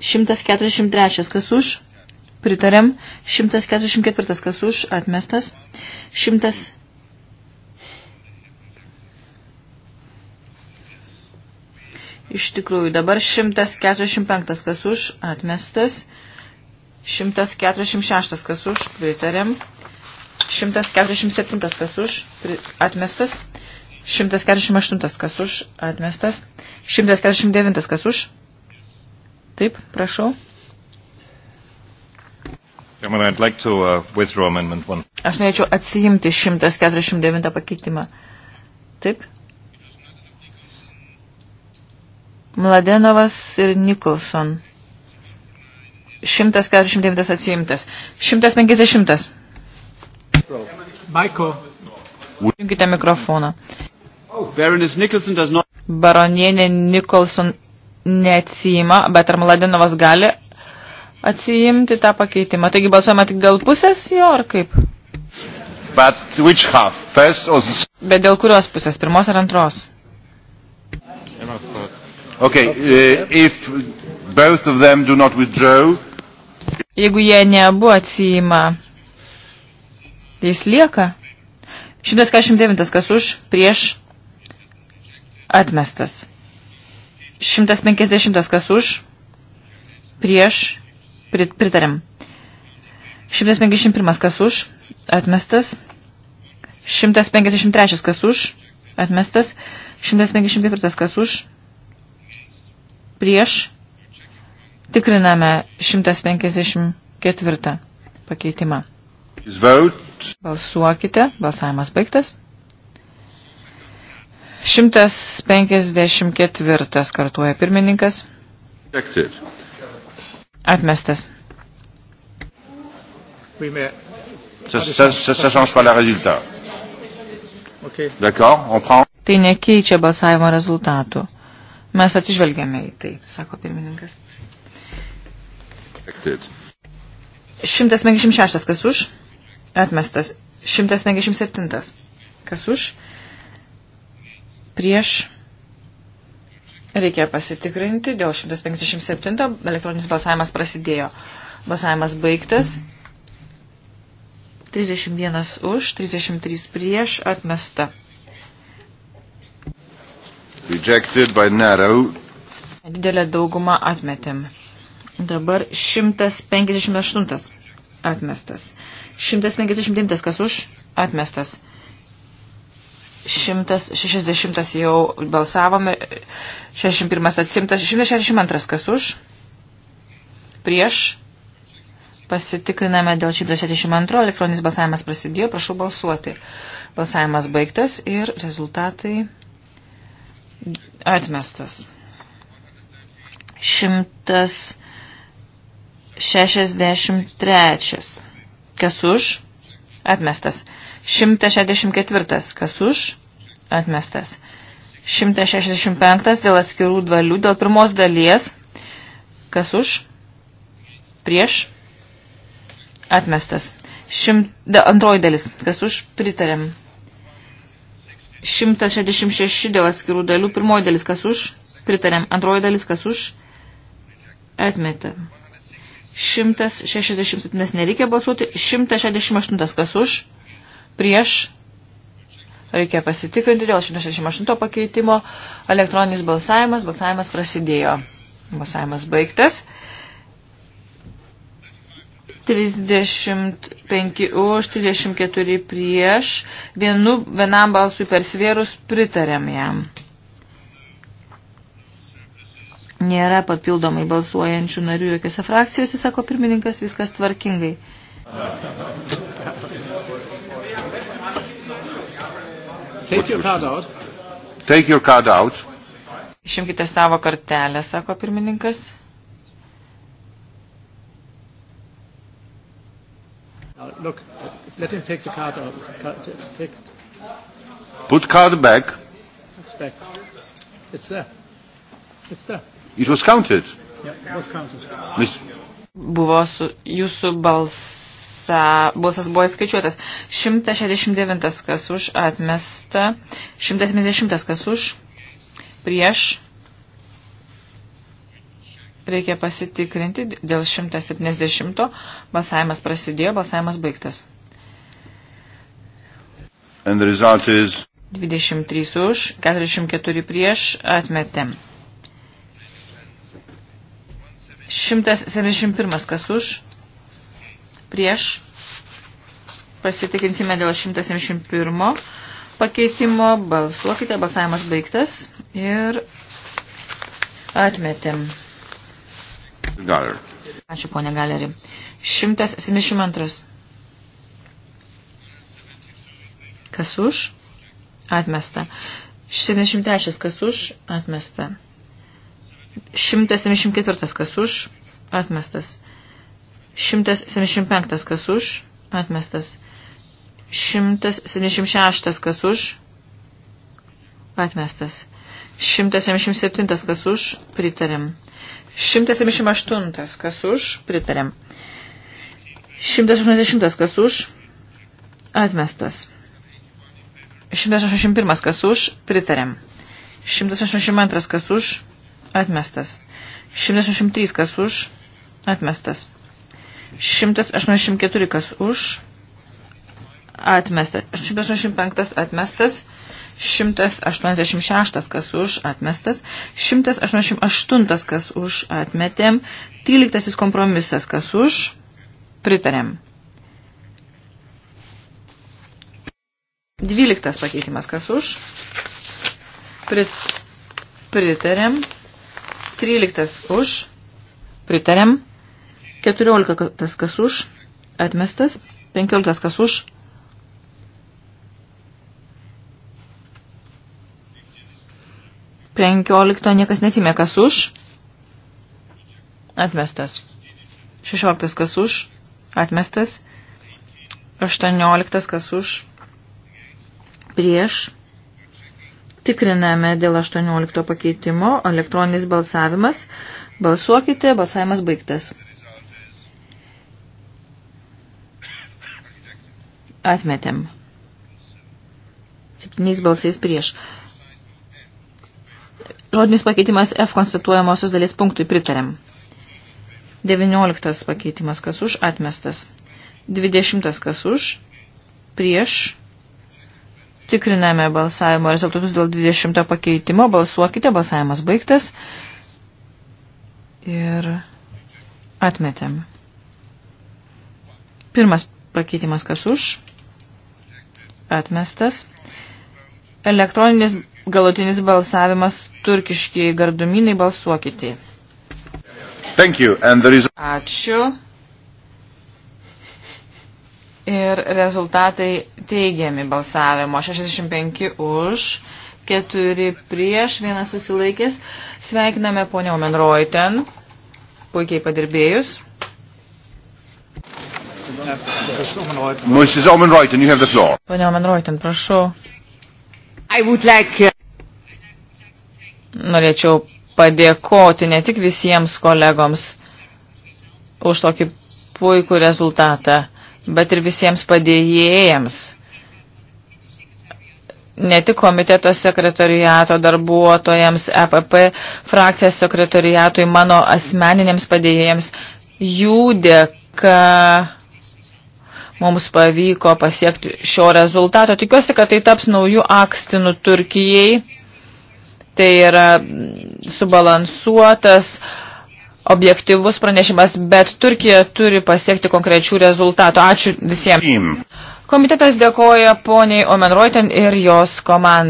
143 kas už? Pritarėm. 144 kas už? Atmestas. 100 Iš tikrųjų, dabar 145 kas už atmestas, 146 kas už pritarėm, 147 kas už atmestas, 148 kas už atmestas, 149 kas už. Taip, prašau. Uh, Aš norėčiau atsijimti 149 pakeitimą. Taip? Mladenovas ir Nikolson. 149 atsiimtas. 150. Maiko. Junkite mikrofoną. Baronienė Nikolson neatsijima, bet ar Mladinovas gali atsijimti tą pakeitimą? Taigi balsuojama tik dėl pusės jo, ar kaip? But which half? First or... Bet dėl kurios pusės, pirmos ar antros? Okay, uh, if both of them do not withdraw, Jeigu jie neabu atsijima, tai jis lieka. 149 kas už, prieš, atmestas. 150 kas už, prieš, pritariam. 151 kas už, atmestas. 153 kas už, atmestas. 154 kas už, prieš tikriname 154 pakeitimą. Balsuokite, balsavimas baigtas. 154 kartuoja pirmininkas. Atmestas. Oui, mais... Ça, ça, ça, ça change pas le résultat. Okay. D'accord, on prend. Tai nekeičia balsavimo rezultatų. Mes atsižvelgiame į tai, sako pirmininkas. 156 kas už, atmestas. 157 kas už, prieš Reikia pasitikrinti, dėl 157 elektroninis balsavimas prasidėjo. Balsavimas baigtas. 31 už, 33 prieš, atmesta. Rejected by narrow. Didelę daugumą atmetėm. Dabar 158 atmestas. 159 kas už atmestas. 160 jau balsavome, 61 atsimtas, 162 kas už, prieš, pasitikriname dėl 162, elektroninis balsavimas prasidėjo, prašau balsuoti. Balsavimas baigtas ir rezultatai Atmestas. 163. Kas už? Atmestas. 164. Kas už? Atmestas. 165 dėl atskirų dalių, dėl pirmos dalies, kas už, prieš, atmestas. Šim, da, antroji dalis, kas už, pritarėm, 166 dėl atskirų dalių. Pirmoji dalis kas už, pritarėm. Antroji dalis kas už, atmetė. 167 nereikia balsuoti. 168 kas už, prieš. Reikia pasitikrinti dėl 168 pakeitimo. Elektroninis balsavimas. Balsavimas prasidėjo. Balsavimas baigtas. 35 už, 34 prieš, vienu, vienam balsui persvėrus pritarėm jam. Nėra papildomai balsuojančių narių jokiose frakcijose, sako pirmininkas, viskas tvarkingai. Take your card out. Take your card out. Išimkite savo kartelę, sako pirmininkas. Uh, look, let him take the card out. Card, take. Put card back. It's back. It's there. It's there. It was counted. Yeah, it was counted. Mis buvo su, jūsų balsa, balsas buvo įskaičiuotas. 169 kas už atmesta, 170 kas už prieš Reikia pasitikrinti dėl 170. Balsavimas prasidėjo, balsavimas baigtas. And the result is... 23 už, 44 prieš, atmetėm. 171 kas už, prieš, pasitikinsime dėl 171 pakeitimo, balsuokite, balsavimas baigtas ir atmetėm. Galer. Ačiū, ponė Galerį. 172. Kas už? Atmesta. 73. Kas už? Atmesta. 174. Kas už? Atmestas. 175. Kas už? Atmestas. 176. Kas už? Atmestas. 177 kas už pritarėm. 178 kas už pritarėm. 180 kas už atmestas. 181 kas už pritarėm. 182 kas už atmestas. 183 kas už atmestas. 184 kas už atmestas. 185 atmestas. 186 kas už atmestas, 188 kas už atmetėm, 13 kompromisas kas už pritarėm. 12 pakeitimas kas už Prit, pritarėm, 13 už pritarėm, 14 kas už atmestas, 15 kas už 15 niekas nesimė, kas už. Atmestas. 16 kas už. Atmestas. 18 kas už. Prieš. Tikriname dėl 18 pakeitimo. Elektroninis balsavimas. Balsuokite. Balsavimas baigtas. Atmetėm. Septyniais balsais prieš. Žodinis pakeitimas F konstatuojamosios dalies punktui pritarėm. 19 pakeitimas kas už atmestas. 20 kas už prieš. Tikriname balsavimo rezultatus dėl 20 pakeitimo. Balsuokite, balsavimas baigtas. Ir atmetėm. Pirmas pakeitimas kas už. Atmestas. Elektroninis galutinis balsavimas turkiškiai gardumynai balsuokite. Thank you, and there is... Ačiū. Ir rezultatai teigiami balsavimo. 65 už, 4 prieš, vienas susilaikęs. Sveikiname ponia Omenroiten. Puikiai padirbėjus. Mrs. Omenroiten, you have the floor. Ponia Omenroiten, prašau. I would like... Uh, norėčiau padėkoti ne tik visiems kolegoms už tokį puikų rezultatą, bet ir visiems padėjėjams. Ne tik komiteto sekretariato darbuotojams, EPP frakcijos sekretariatui, mano asmeniniams padėjėjams, jų dėka mums pavyko pasiekti šio rezultato. Tikiuosi, kad tai taps naujų akstinų Turkijai Tai yra subalansuotas, objektivus pranešimas, bet Turkija turi pasiekti konkrečių rezultatų. Ačiū visiems. Komitetas dėkoja poniai Omenroiten ir jos komandai.